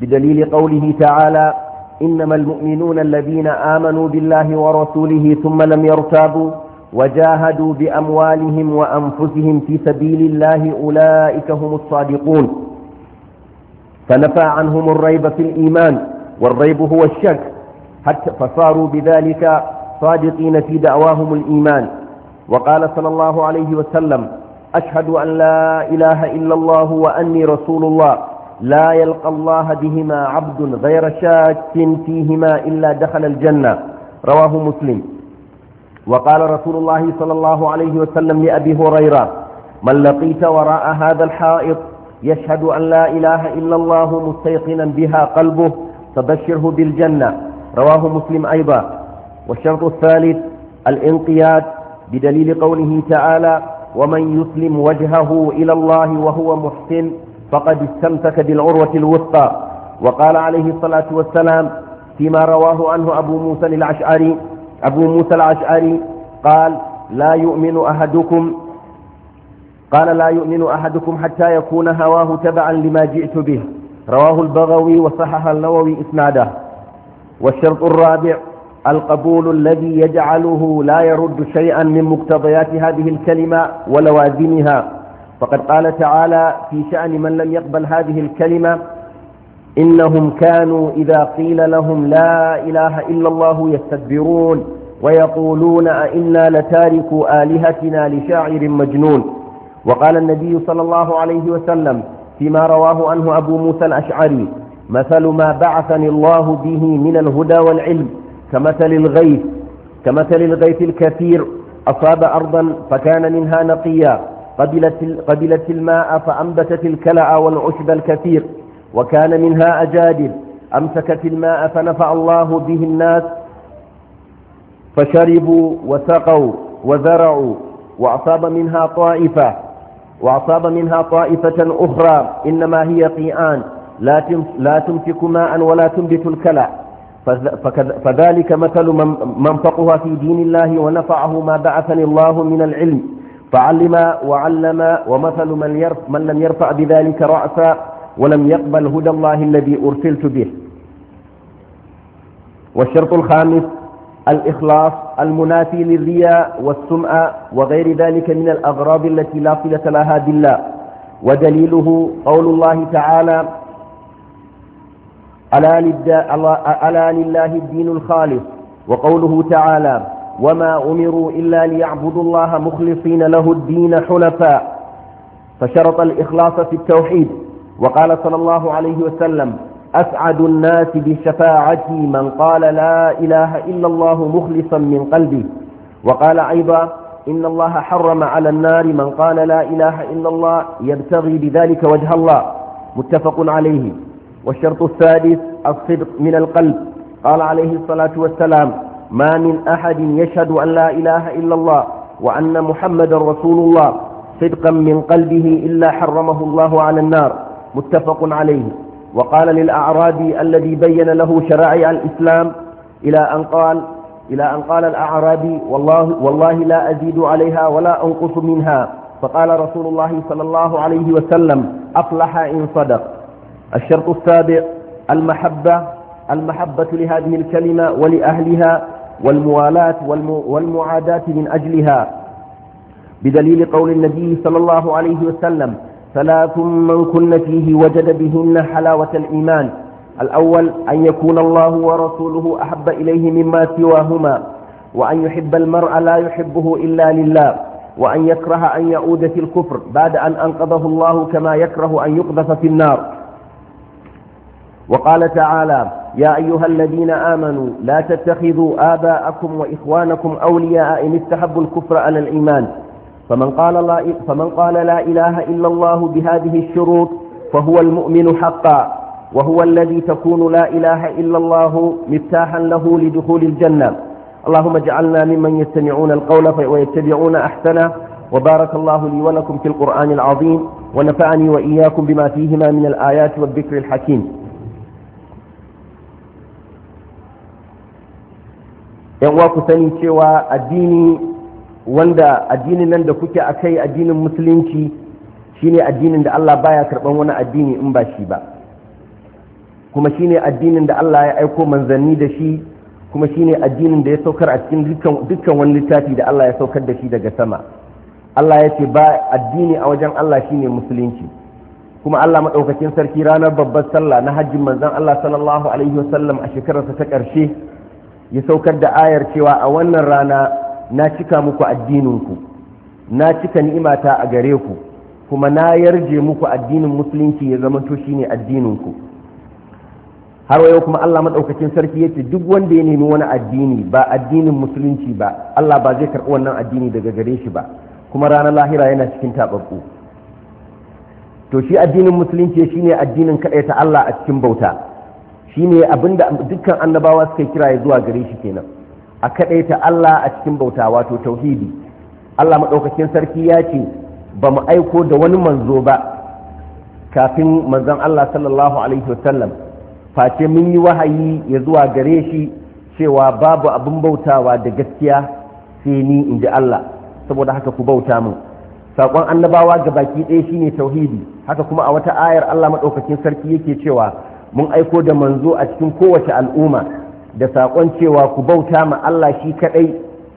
بدليل قوله تعالى إنما المؤمنون الذين آمنوا بالله ورسوله ثم لم يرتابوا وجاهدوا بأموالهم وأنفسهم في سبيل الله أولئك هم الصادقون فنفى عنهم الريب في الإيمان والريب هو الشك حتى فصاروا بذلك صادقين في دعواهم الإيمان وقال صلى الله عليه وسلم أشهد أن لا إله إلا الله وأني رسول الله لا يلقى الله بهما عبد غير شاك فيهما إلا دخل الجنة رواه مسلم وقال رسول الله صلى الله عليه وسلم لأبي هريرة من لقيت وراء هذا الحائط يشهد أن لا إله إلا الله مستيقنا بها قلبه فبشره بالجنة رواه مسلم أيضا والشرط الثالث الانقياد بدليل قوله تعالى ومن يسلم وجهه إلى الله وهو محسن فقد استمسك بالعروة الوثقى وقال عليه الصلاة والسلام فيما رواه عنه أبو موسى الأشعري أبو موسى الأشعري قال لا يؤمن أحدكم قال لا يؤمن أحدكم حتى يكون هواه تبعا لما جئت به رواه البغوي وصحح النووي إسناده والشرط الرابع القبول الذي يجعله لا يرد شيئا من مقتضيات هذه الكلمة ولوازمها فقد قال تعالى في شأن من لم يقبل هذه الكلمة إنهم كانوا إذا قيل لهم لا إله إلا الله يستكبرون ويقولون أئنا لتاركوا آلهتنا لشاعر مجنون وقال النبي صلى الله عليه وسلم فيما رواه عنه أبو موسى الأشعري مثل ما بعثني الله به من الهدى والعلم كمثل الغيث كمثل الغيث الكثير أصاب أرضا فكان منها نقيا قبلت, قبلت الماء فأنبتت الكلع والعشب الكثير وكان منها أجادل أمسكت الماء فنفع الله به الناس فشربوا وسقوا وزرعوا وأصاب منها طائفة وأصاب منها طائفة أخرى إنما هي قيآن لا تمسك ماء ولا تنبت الكلى فذلك مثل منفقها في دين الله ونفعه ما بعثني الله من العلم فعلم وعلم ومثل من, يرف من لم يرفع بذلك رأسا ولم يقبل هدى الله الذي أرسلت به والشرط الخامس الإخلاص المنافي للرياء والسمعة وغير ذلك من الأغراض التي لا صلة لها بالله ودليله قول الله تعالى ألا لله الدين الخالص وقوله تعالى وما أمروا إلا ليعبدوا الله مخلصين له الدين حلفاء فشرط الإخلاص في التوحيد وقال صلى الله عليه وسلم أسعد الناس بشفاعتي من قال لا إله إلا الله مخلصا من قلبه وقال أيضا إن الله حرم على النار من قال لا إله إلا الله يبتغي بذلك وجه الله متفق عليه والشرط الثالث الصدق من القلب قال عليه الصلاة والسلام ما من أحد يشهد أن لا إله إلا الله وأن محمد رسول الله صدقا من قلبه إلا حرمه الله على النار متفق عليه وقال للأعرابي الذي بين له شرائع الإسلام إلى أن قال إلى أن قال الأعرابي والله, والله لا أزيد عليها ولا أنقص منها فقال رسول الله صلى الله عليه وسلم أفلح إن صدق الشرط السابع المحبة المحبة لهذه الكلمة ولأهلها والموالاة والمعاداة من أجلها بدليل قول النبي صلى الله عليه وسلم ثلاث من كن فيه وجد بهن حلاوة الإيمان الأول أن يكون الله ورسوله أحب إليه مما سواهما وأن يحب المرء لا يحبه إلا لله وأن يكره أن يعود في الكفر بعد أن أنقذه الله كما يكره أن يقذف في النار وقال تعالى يا أيها الذين آمنوا لا تتخذوا آباءكم وإخوانكم أولياء إن استحبوا الكفر على الإيمان فمن قال, لا فمن قال لا إله إلا الله بهذه الشروط فهو المؤمن حقا وهو الذي تكون لا إله إلا الله مفتاحا له لدخول الجنة اللهم اجعلنا ممن يستمعون القول ويتبعون أحسنه وبارك الله لي ولكم في القرآن العظيم ونفعني وإياكم بما فيهما من الآيات والذكر الحكيم yan wa ku sani wanda addinin nan da kuke a kai addinin musulunci shine addinin da Allah baya karban wani addini in ba shi ba kuma shine addinin da Allah ya aiko manzanni da shi kuma shine addinin da ya saukar a cikin dukkan wani littafi da Allah ya saukar da shi daga sama Allah ya ce ba addini a wajen Allah shine musulunci kuma Allah maɗaukacin sarki ranar babbar sallah na hajjin manzon Allah sallallahu alaihi wasallam a shekararsa ta ƙarshe ya saukar da ayar cewa a wannan rana na cika muku addininku na cika ni'imata a gare ku kuma na yarje muku addinin musulunci ya zama to shine addininku har yau kuma Allah madaukakin sarki yace duk wanda ya nemi wani addini ba addinin musulunci ba Allah ba zai karɓi wannan addini daga gare shi ba kuma ranar lahira yana cikin tababbu to shi addinin musulunci shine addinin ta Allah a cikin bauta shine abinda dukkan annabawa suka kira zuwa gare shi kenan a ta Allah a cikin bauta wato tauhidi Allah maɗaukakin sarki ya ce ba mu aiko da wani manzo ba kafin manzon Allah sallallahu alaihi wasallam face mun yi wahayi ya zuwa gare shi cewa babu abin bautawa da gaskiya sai ni in ji Allah saboda haka ku bauta mu saƙon annabawa ga baki ɗaya shine tauhidi haka kuma a wata ayar Allah maɗaukakin sarki yake cewa mun aiko da manzo a cikin kowace al'umma da saƙon cewa ku bauta ma Allah shi kaɗai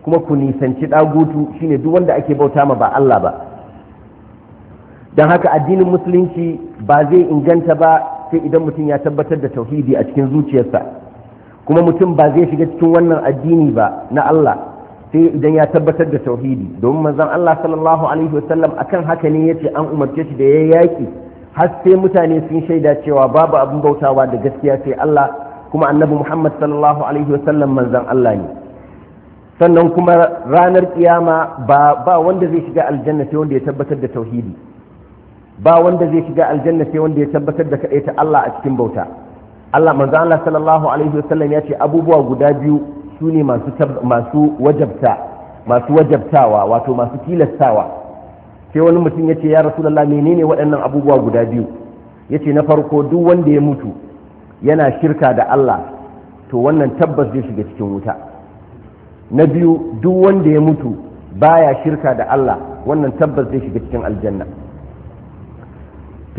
kuma ku nisanci ɗagutu ne duk wanda ake bauta ma ba Allah ba don haka addinin musulunci ba zai inganta ba sai idan mutum ya tabbatar da tauhidi a cikin zuciyarsa kuma mutum ba zai shiga cikin wannan addini ba na Allah sai idan ya tabbatar da tauhidi domin manzon Allah sallallahu alaihi wasallam akan haka ne ya ce an umarce shi da yayi yaki har sai mutane sun shaida cewa babu abin bautawa da gaskiya sai Allah kuma annabi muhammad sallallahu alaihi wasallam manzan Allah ne sannan kuma ranar kiyama ba ba wanda zai shiga aljanna sai wanda ya tabbatar da tauhidi ba wanda zai shiga aljanna sai wanda ya tabbatar da kadaita Allah a cikin bauta Allah manzan Allah sallallahu alaihi wasallam ya ce abubuwa guda biyu su ne masu masu wajabta masu wajabtawa wato masu tilastawa sai wani mutum ya ce ya rasulullah menene waɗannan abubuwa guda biyu ya ce na farko duk wanda ya mutu yana shirka da Allah to wannan tabbas zai shiga cikin wuta na biyu duk wanda ya mutu baya shirka da Allah wannan tabbas zai shiga cikin aljanna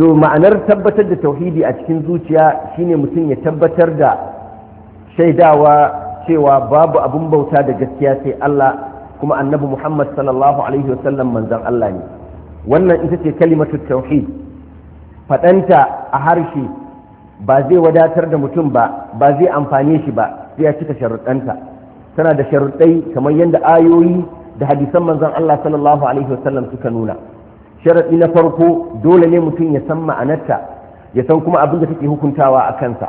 to ma'anar tabbatar da tauhidi a cikin zuciya shine mutum ya tabbatar da shaidawa cewa babu abin bauta da gaskiya sai Allah kuma annabi Muhammad sallallahu alaihi wasallam manzon Allah ne wannan ita ce kalimatu tauhid fadanta a harshe ba zai wadatar da mutum ba ba zai amfane shi ba sai ya cika sharuɗanta tana da sharuɗai kamar yadda ayoyi da hadisan manzon Allah sallallahu alaihi wasallam suka nuna sharaɗi na farko dole ne mutum ya san ma'anarta ya san kuma abin da take hukuntawa a kansa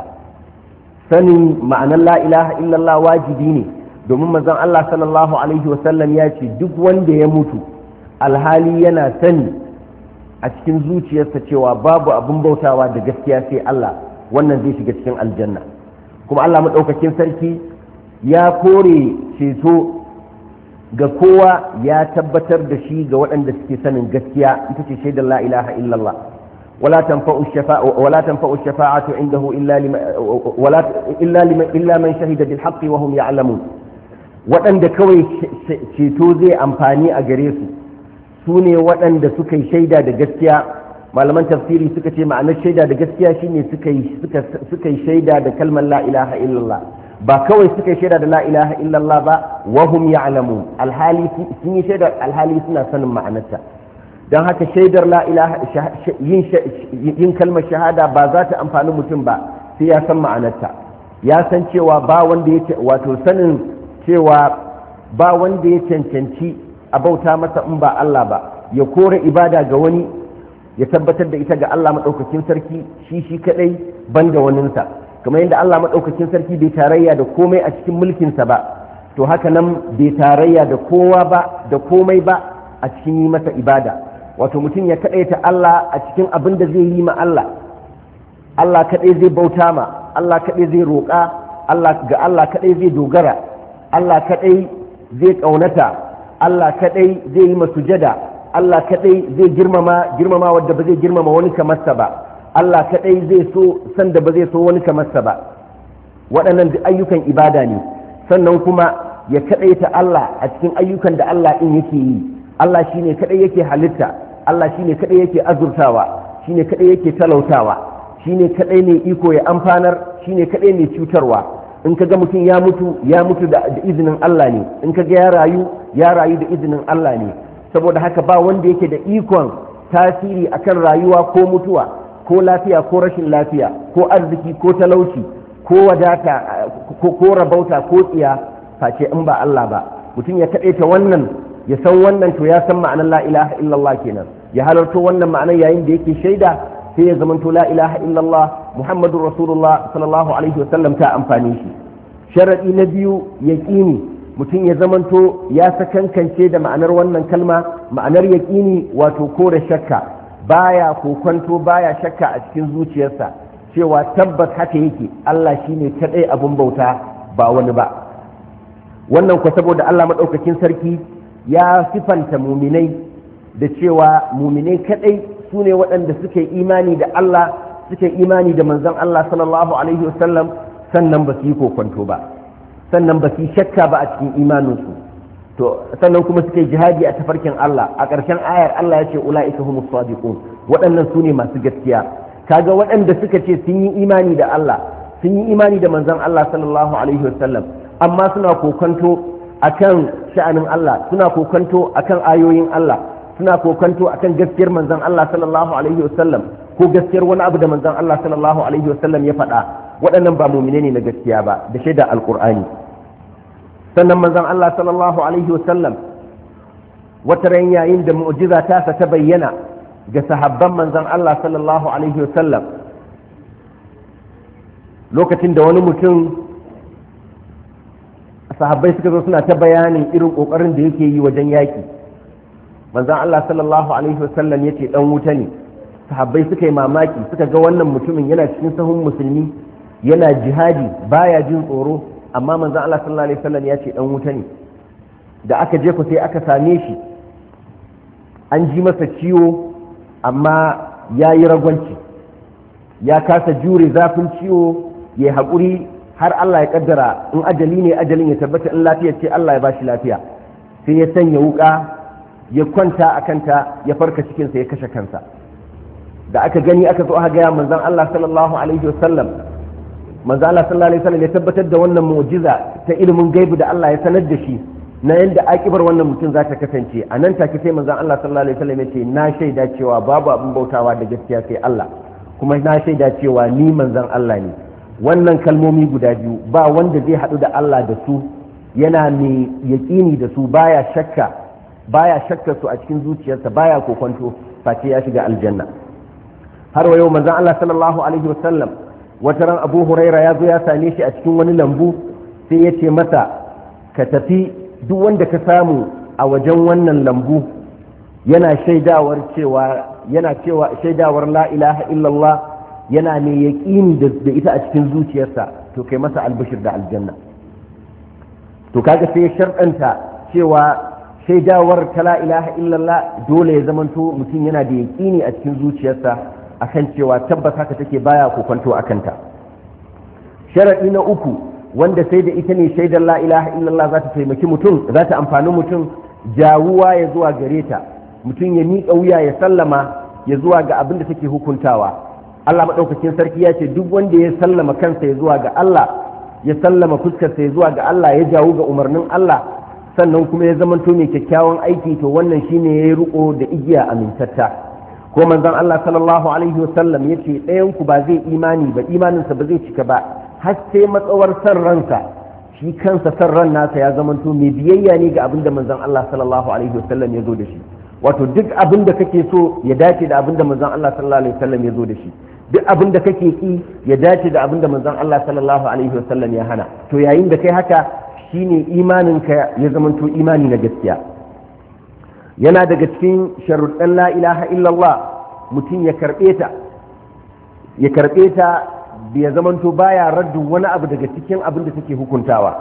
sanin ma'anar la ilaha illallah wajibi ne domin manzon Allah sallallahu alaihi wasallam ya ce duk wanda ya mutu alhali yana sani a cikin zuciyarsa cewa babu abin bautawa da gaskiya sai Allah wannan zai shiga cikin aljanna kuma Allah maɗaukakin sarki ya kore ceto ga kowa ya tabbatar da shi ga waɗanda suke sanin gaskiya ita ce shaidar la ilaha illallah wala tanfa'u shafa'atu indahu illa liman illa man shahida bil haqqi wa hum ya'lamun waɗanda kawai ceto zai amfani a gare su sune waɗanda suka yi shaida da gaskiya malaman tafsiri suka ce ma'anar shaida da gaskiya shine suka yi shaida da kalmar la ilaha illallah ba kawai suka yi shaida da la ilaha illallah ba wa hum ya'lamun alhali sun yi shaida alhali suna sanin ma'anarta don haka shaidar la ilaha yin kalmar shahada ba za ta amfani mutum ba sai ya san ma'anarta ya san cewa ba wanda ya wato sanin cewa ba wanda ya cancanci a bauta masa in ba Allah ba ya kore ibada ga wani ya tabbatar da ita ga Allah maɗaukakin sarki shi shi ban banda waninsa kamar yadda Allah maɗaukakin sarki bai tarayya da komai a cikin mulkinsa ba to haka nan bai tarayya da kowa ba da komai ba a cikin yi masa ibada wato mutum ya kaɗaita Allah a cikin abin da zai yi ma Allah Allah kaɗai zai bauta ma Allah kaɗai zai roƙa Allah ga Allah kaɗai zai dogara Allah kaɗai zai ƙaunata? Allah kaɗai zai yi masujada Allah kaɗai zai girmama girmama wadda ba zai girmama wani kamarsa ba Allah kaɗai zai so sanda ba zai so wani kamarsa ba waɗannan duk ayyukan ibada ne sannan kuma ya ta Allah a cikin ayyukan da Allah ɗin yake yi Allah shine kaɗai yake halitta Allah shine kaɗai yake azurtawa shine kaɗai yake talautawa shine kaɗai ne iko ya amfanar shine kaɗai ne cutarwa in ka ga mutum ya mutu ya mutu da izinin Allah ne in ka ga ya rayu ya rayu da izinin Allah ne saboda haka ba wanda yake da ikon tasiri akan rayuwa ko mutuwa ko lafiya ko rashin lafiya ko arziki ko talauci ko wadata ko rabauta ko tsiya face in ba Allah ba mutum ya ta wannan ya san wannan to ya san ma'anar la ilaha illallah kenan ya halarto wannan ma'anar yayin da yake shaida sai ya zamanto la ilaha illallah muhammadur rasulullah sallallahu alaihi wasallam ta amfani shi sharadi na biyu yaqini mutum ya zamanto ya sakankance da ma'anar wannan kalma ma'anar yaƙini wato kore shakka baya kokwanto baya shakka a cikin zuciyarsa cewa tabbas haka yake Allah shine kadai abun bauta ba wani ba wannan ku saboda Allah maɗaukakin sarki ya sifanta muminai da cewa muminai kadai su ne waɗanda suke imani da Allah suke imani da manzon Allah sallallahu alaihi wasallam sannan ba su yi kokwanto ba sannan ba su shakka ba a cikin imaninsu to sannan kuma suka yi jihadi a tafarkin Allah a ƙarshen ayar Allah ya ce ula'ika humus sadiqun waɗannan su ne masu gaskiya kaga waɗanda suka ce sun yi imani da Allah sun yi imani da manzon Allah sallallahu alaihi wasallam amma suna kokanto akan sha'anin Allah suna kokanto akan ayoyin Allah suna kokanto akan gaskiyar manzon Allah sallallahu alaihi wasallam ko gaskiyar wani abu da manzon Allah sallallahu alaihi wasallam ya faɗa waɗannan ba mumine ne na gaskiya ba da shaida alkur'ani sannan manzon Allah sallallahu alaihi wasallam wata ran yayin da mu'jiza ta sa ta bayyana ga sahabban manzon Allah sallallahu alaihi wasallam lokacin da wani mutum sahabbai suka zo suna ta bayanin irin kokarin da yake yi wajen yaki manzon Allah sallallahu alaihi wasallam yace dan wuta ne sahabbai suka yi mamaki suka ga wannan mutumin yana cikin sahun musulmi yana jihadi baya jin tsoro amma manzon Allah sallallahu alaihi wasallam ya ce dan wuta ne da aka je ku sai aka same shi an ji masa ciwo amma ya yi ragwanci ya kasa jure zafin ciwo ya haƙuri har Allah ya kaddara in ajali ne ajalin ya tabbata in lafiya ce Allah ya bashi lafiya sai ya sanya wuka ya kwanta a kanta ya farka cikinsa ya kashe kansa da aka gani aka zo aka gaya manzon Allah sallallahu alaihi wasallam manzo Allah sallallahu alaihi wasallam ya tabbatar da wannan mu'jiza ta ilimin gaibu da Allah ya sanar da shi na yadda akibar wannan mutum za ta kasance a nan take sai manzo Allah sallallahu alaihi wasallam ya ce na shaida cewa babu abin bautawa da gaskiya sai Allah kuma na shaida cewa ni manzon Allah ne wannan kalmomi guda biyu ba wanda zai hadu da Allah da su yana mai yaƙini da su baya shakka baya shakka su a cikin zuciyarsa baya kokonto face ya shiga aljanna har wa yau manzon Allah sallallahu alaihi wasallam wata ran abu huraira ya zo ya same shi a cikin wani lambu sai ya ce masa ka tafi duk wanda ka samu a wajen wannan lambu yana shaidawar cewa yana cewa shaidawar la ilaha illallah yana ne yaƙini da ita a cikin zuciyarsa to kai masa albashir da aljanna to kaga sai ya sharɗanta cewa shaidawar ta la ilaha illallah dole ya zamanto mutum yana da yaƙini a cikin zuciyarsa akan cewa tabbas haka take baya kwanto a kanta sharaɗi na uku wanda sai da ita ne shaidar la ilaha illallah za ta taimaki mutum za ta amfani mutum jawuwa ya zuwa gare ta mutum ya miƙa wuya ya sallama ya zuwa ga abin da take hukuntawa Allah maɗaukakin sarki ya ce duk wanda ya sallama kansa ya zuwa ga Allah ya sallama fuskarsa ya zuwa ga Allah ya jawo ga umarnin Allah sannan kuma ya zamanto mai kyakkyawan aiki to wannan shine ya yi riko da igiya amintatta ko manzon Allah sallallahu alaihi wa sallam yace ɗayan ku ba zai imani ba imaninsa ba zai cika ba har sai matsawar san ranka shi kansa san ran nasa ya to me biyayya ne ga abinda manzon Allah sallallahu alaihi wa sallam ya zo da shi wato duk abinda kake so ya dace da abinda manzon Allah sallallahu alaihi wa sallam ya zo da shi duk abin da kake ki ya dace da abin da manzon Allah sallallahu alaihi wa sallam ya hana to yayin da kai haka shine imaninka ya zamanto imani na gaskiya yana daga cikin sharuɗan la ilaha illallah mutum ya karɓe ta ya karɓe ta ya zamanto baya raddu wani abu daga cikin abin da take hukuntawa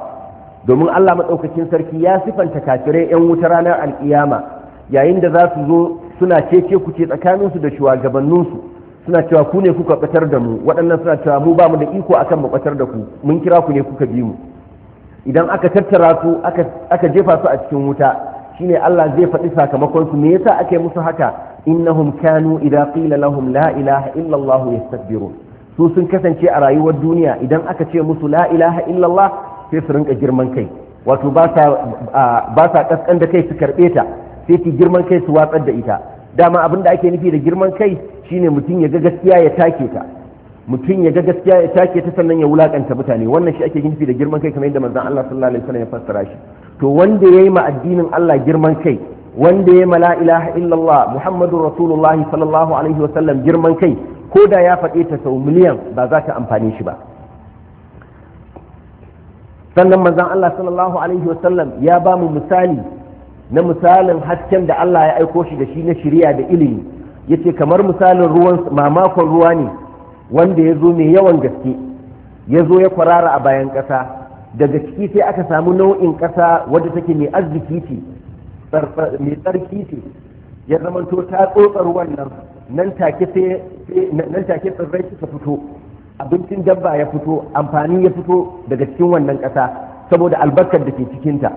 domin Allah maɗaukakin sarki ya sifanta kafirai 'yan wuta ranar alkiyama yayin da za su zo suna cece kuce tsakaninsu da shugabanninsu suna cewa ku ne kuka batar da mu waɗannan suna cewa mu ba mu da iko akan mu batar da ku mun kira ku ne kuka bi mu idan aka tattara su aka jefa su a cikin wuta shine Allah zai faɗi sakamakon su me yasa ake musu haka innahum kanu idza qila lahum la ilaha illa Allah yastakbirun su sun kasance a rayuwar duniya idan aka ce musu la ilaha illa Allah sai su rinka girman kai wato ba sa ba sa da kai su karbe ta sai ki girman kai su watsar da ita dama abin da ake nufi da girman kai shine mutum ya ga gaskiya ya take ta mutum ya ga gaskiya ya take ta sannan ya wulakanta mutane wannan shi ake nufi da girman kai kamar yadda manzon Allah sallallahu alaihi wasallam ya fassara shi to wanda ya yi ma addinin Allah girman kai wanda ya ma la'ilaha illallah Muhammadu rasulullahi sallallahu alaihi wasallam girman kai ko da ya faɗe ta sau miliyan ba za ta amfani shi ba sannan manzan Allah sallallahu alaihi wasallam ya ba mu misali na misalin hasken da Allah ya aiko shi da shi na shirya da ilimi Ya ce kamar misalin ruwan mamakon ruwa ne wanda ya zo mai yawan gaske ya zo ya kwarara a bayan ƙasa daga ciki sai aka samu nau'in ƙasa wadda take mai arziki ce mai tsarki ce ya zamanto ta tsotsar wannan nan take tsirrai suka fito abincin dabba ya fito amfani ya fito daga cikin wannan ƙasa saboda albarkar da ke cikinta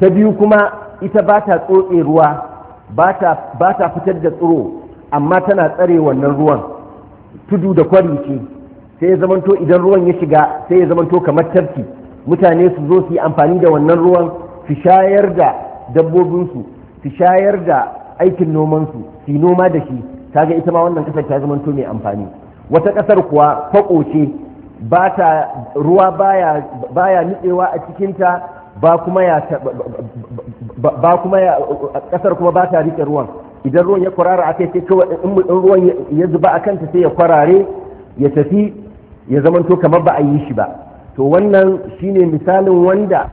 ta biyu kuma ita ba ta tsotse ruwa ba ta fitar da tsiro amma tana tsare wannan ruwan tudu da kwari ce sai ya zamanto idan ruwan ya shiga sai ya zamanto kamar tafki mutane su zo su yi amfani da wannan ruwan su shayar da dabbobinsu su shayar da aikin nomansu su yi noma da shi kaga ita ma wannan kasar ta zamanto mai amfani wata kasar kuwa fako ce ba ta ruwa baya baya nutsewa a cikinta ba kuma ya ba kuma ya kasar kuma ba ta rike ruwan idan ruwan ya kwarara a kai sai kawai in ruwan ya zuba a kanta sai ya kwarare ya tafi ya zamanto kamar ba a yi shi ba to wannan shine misalin wanda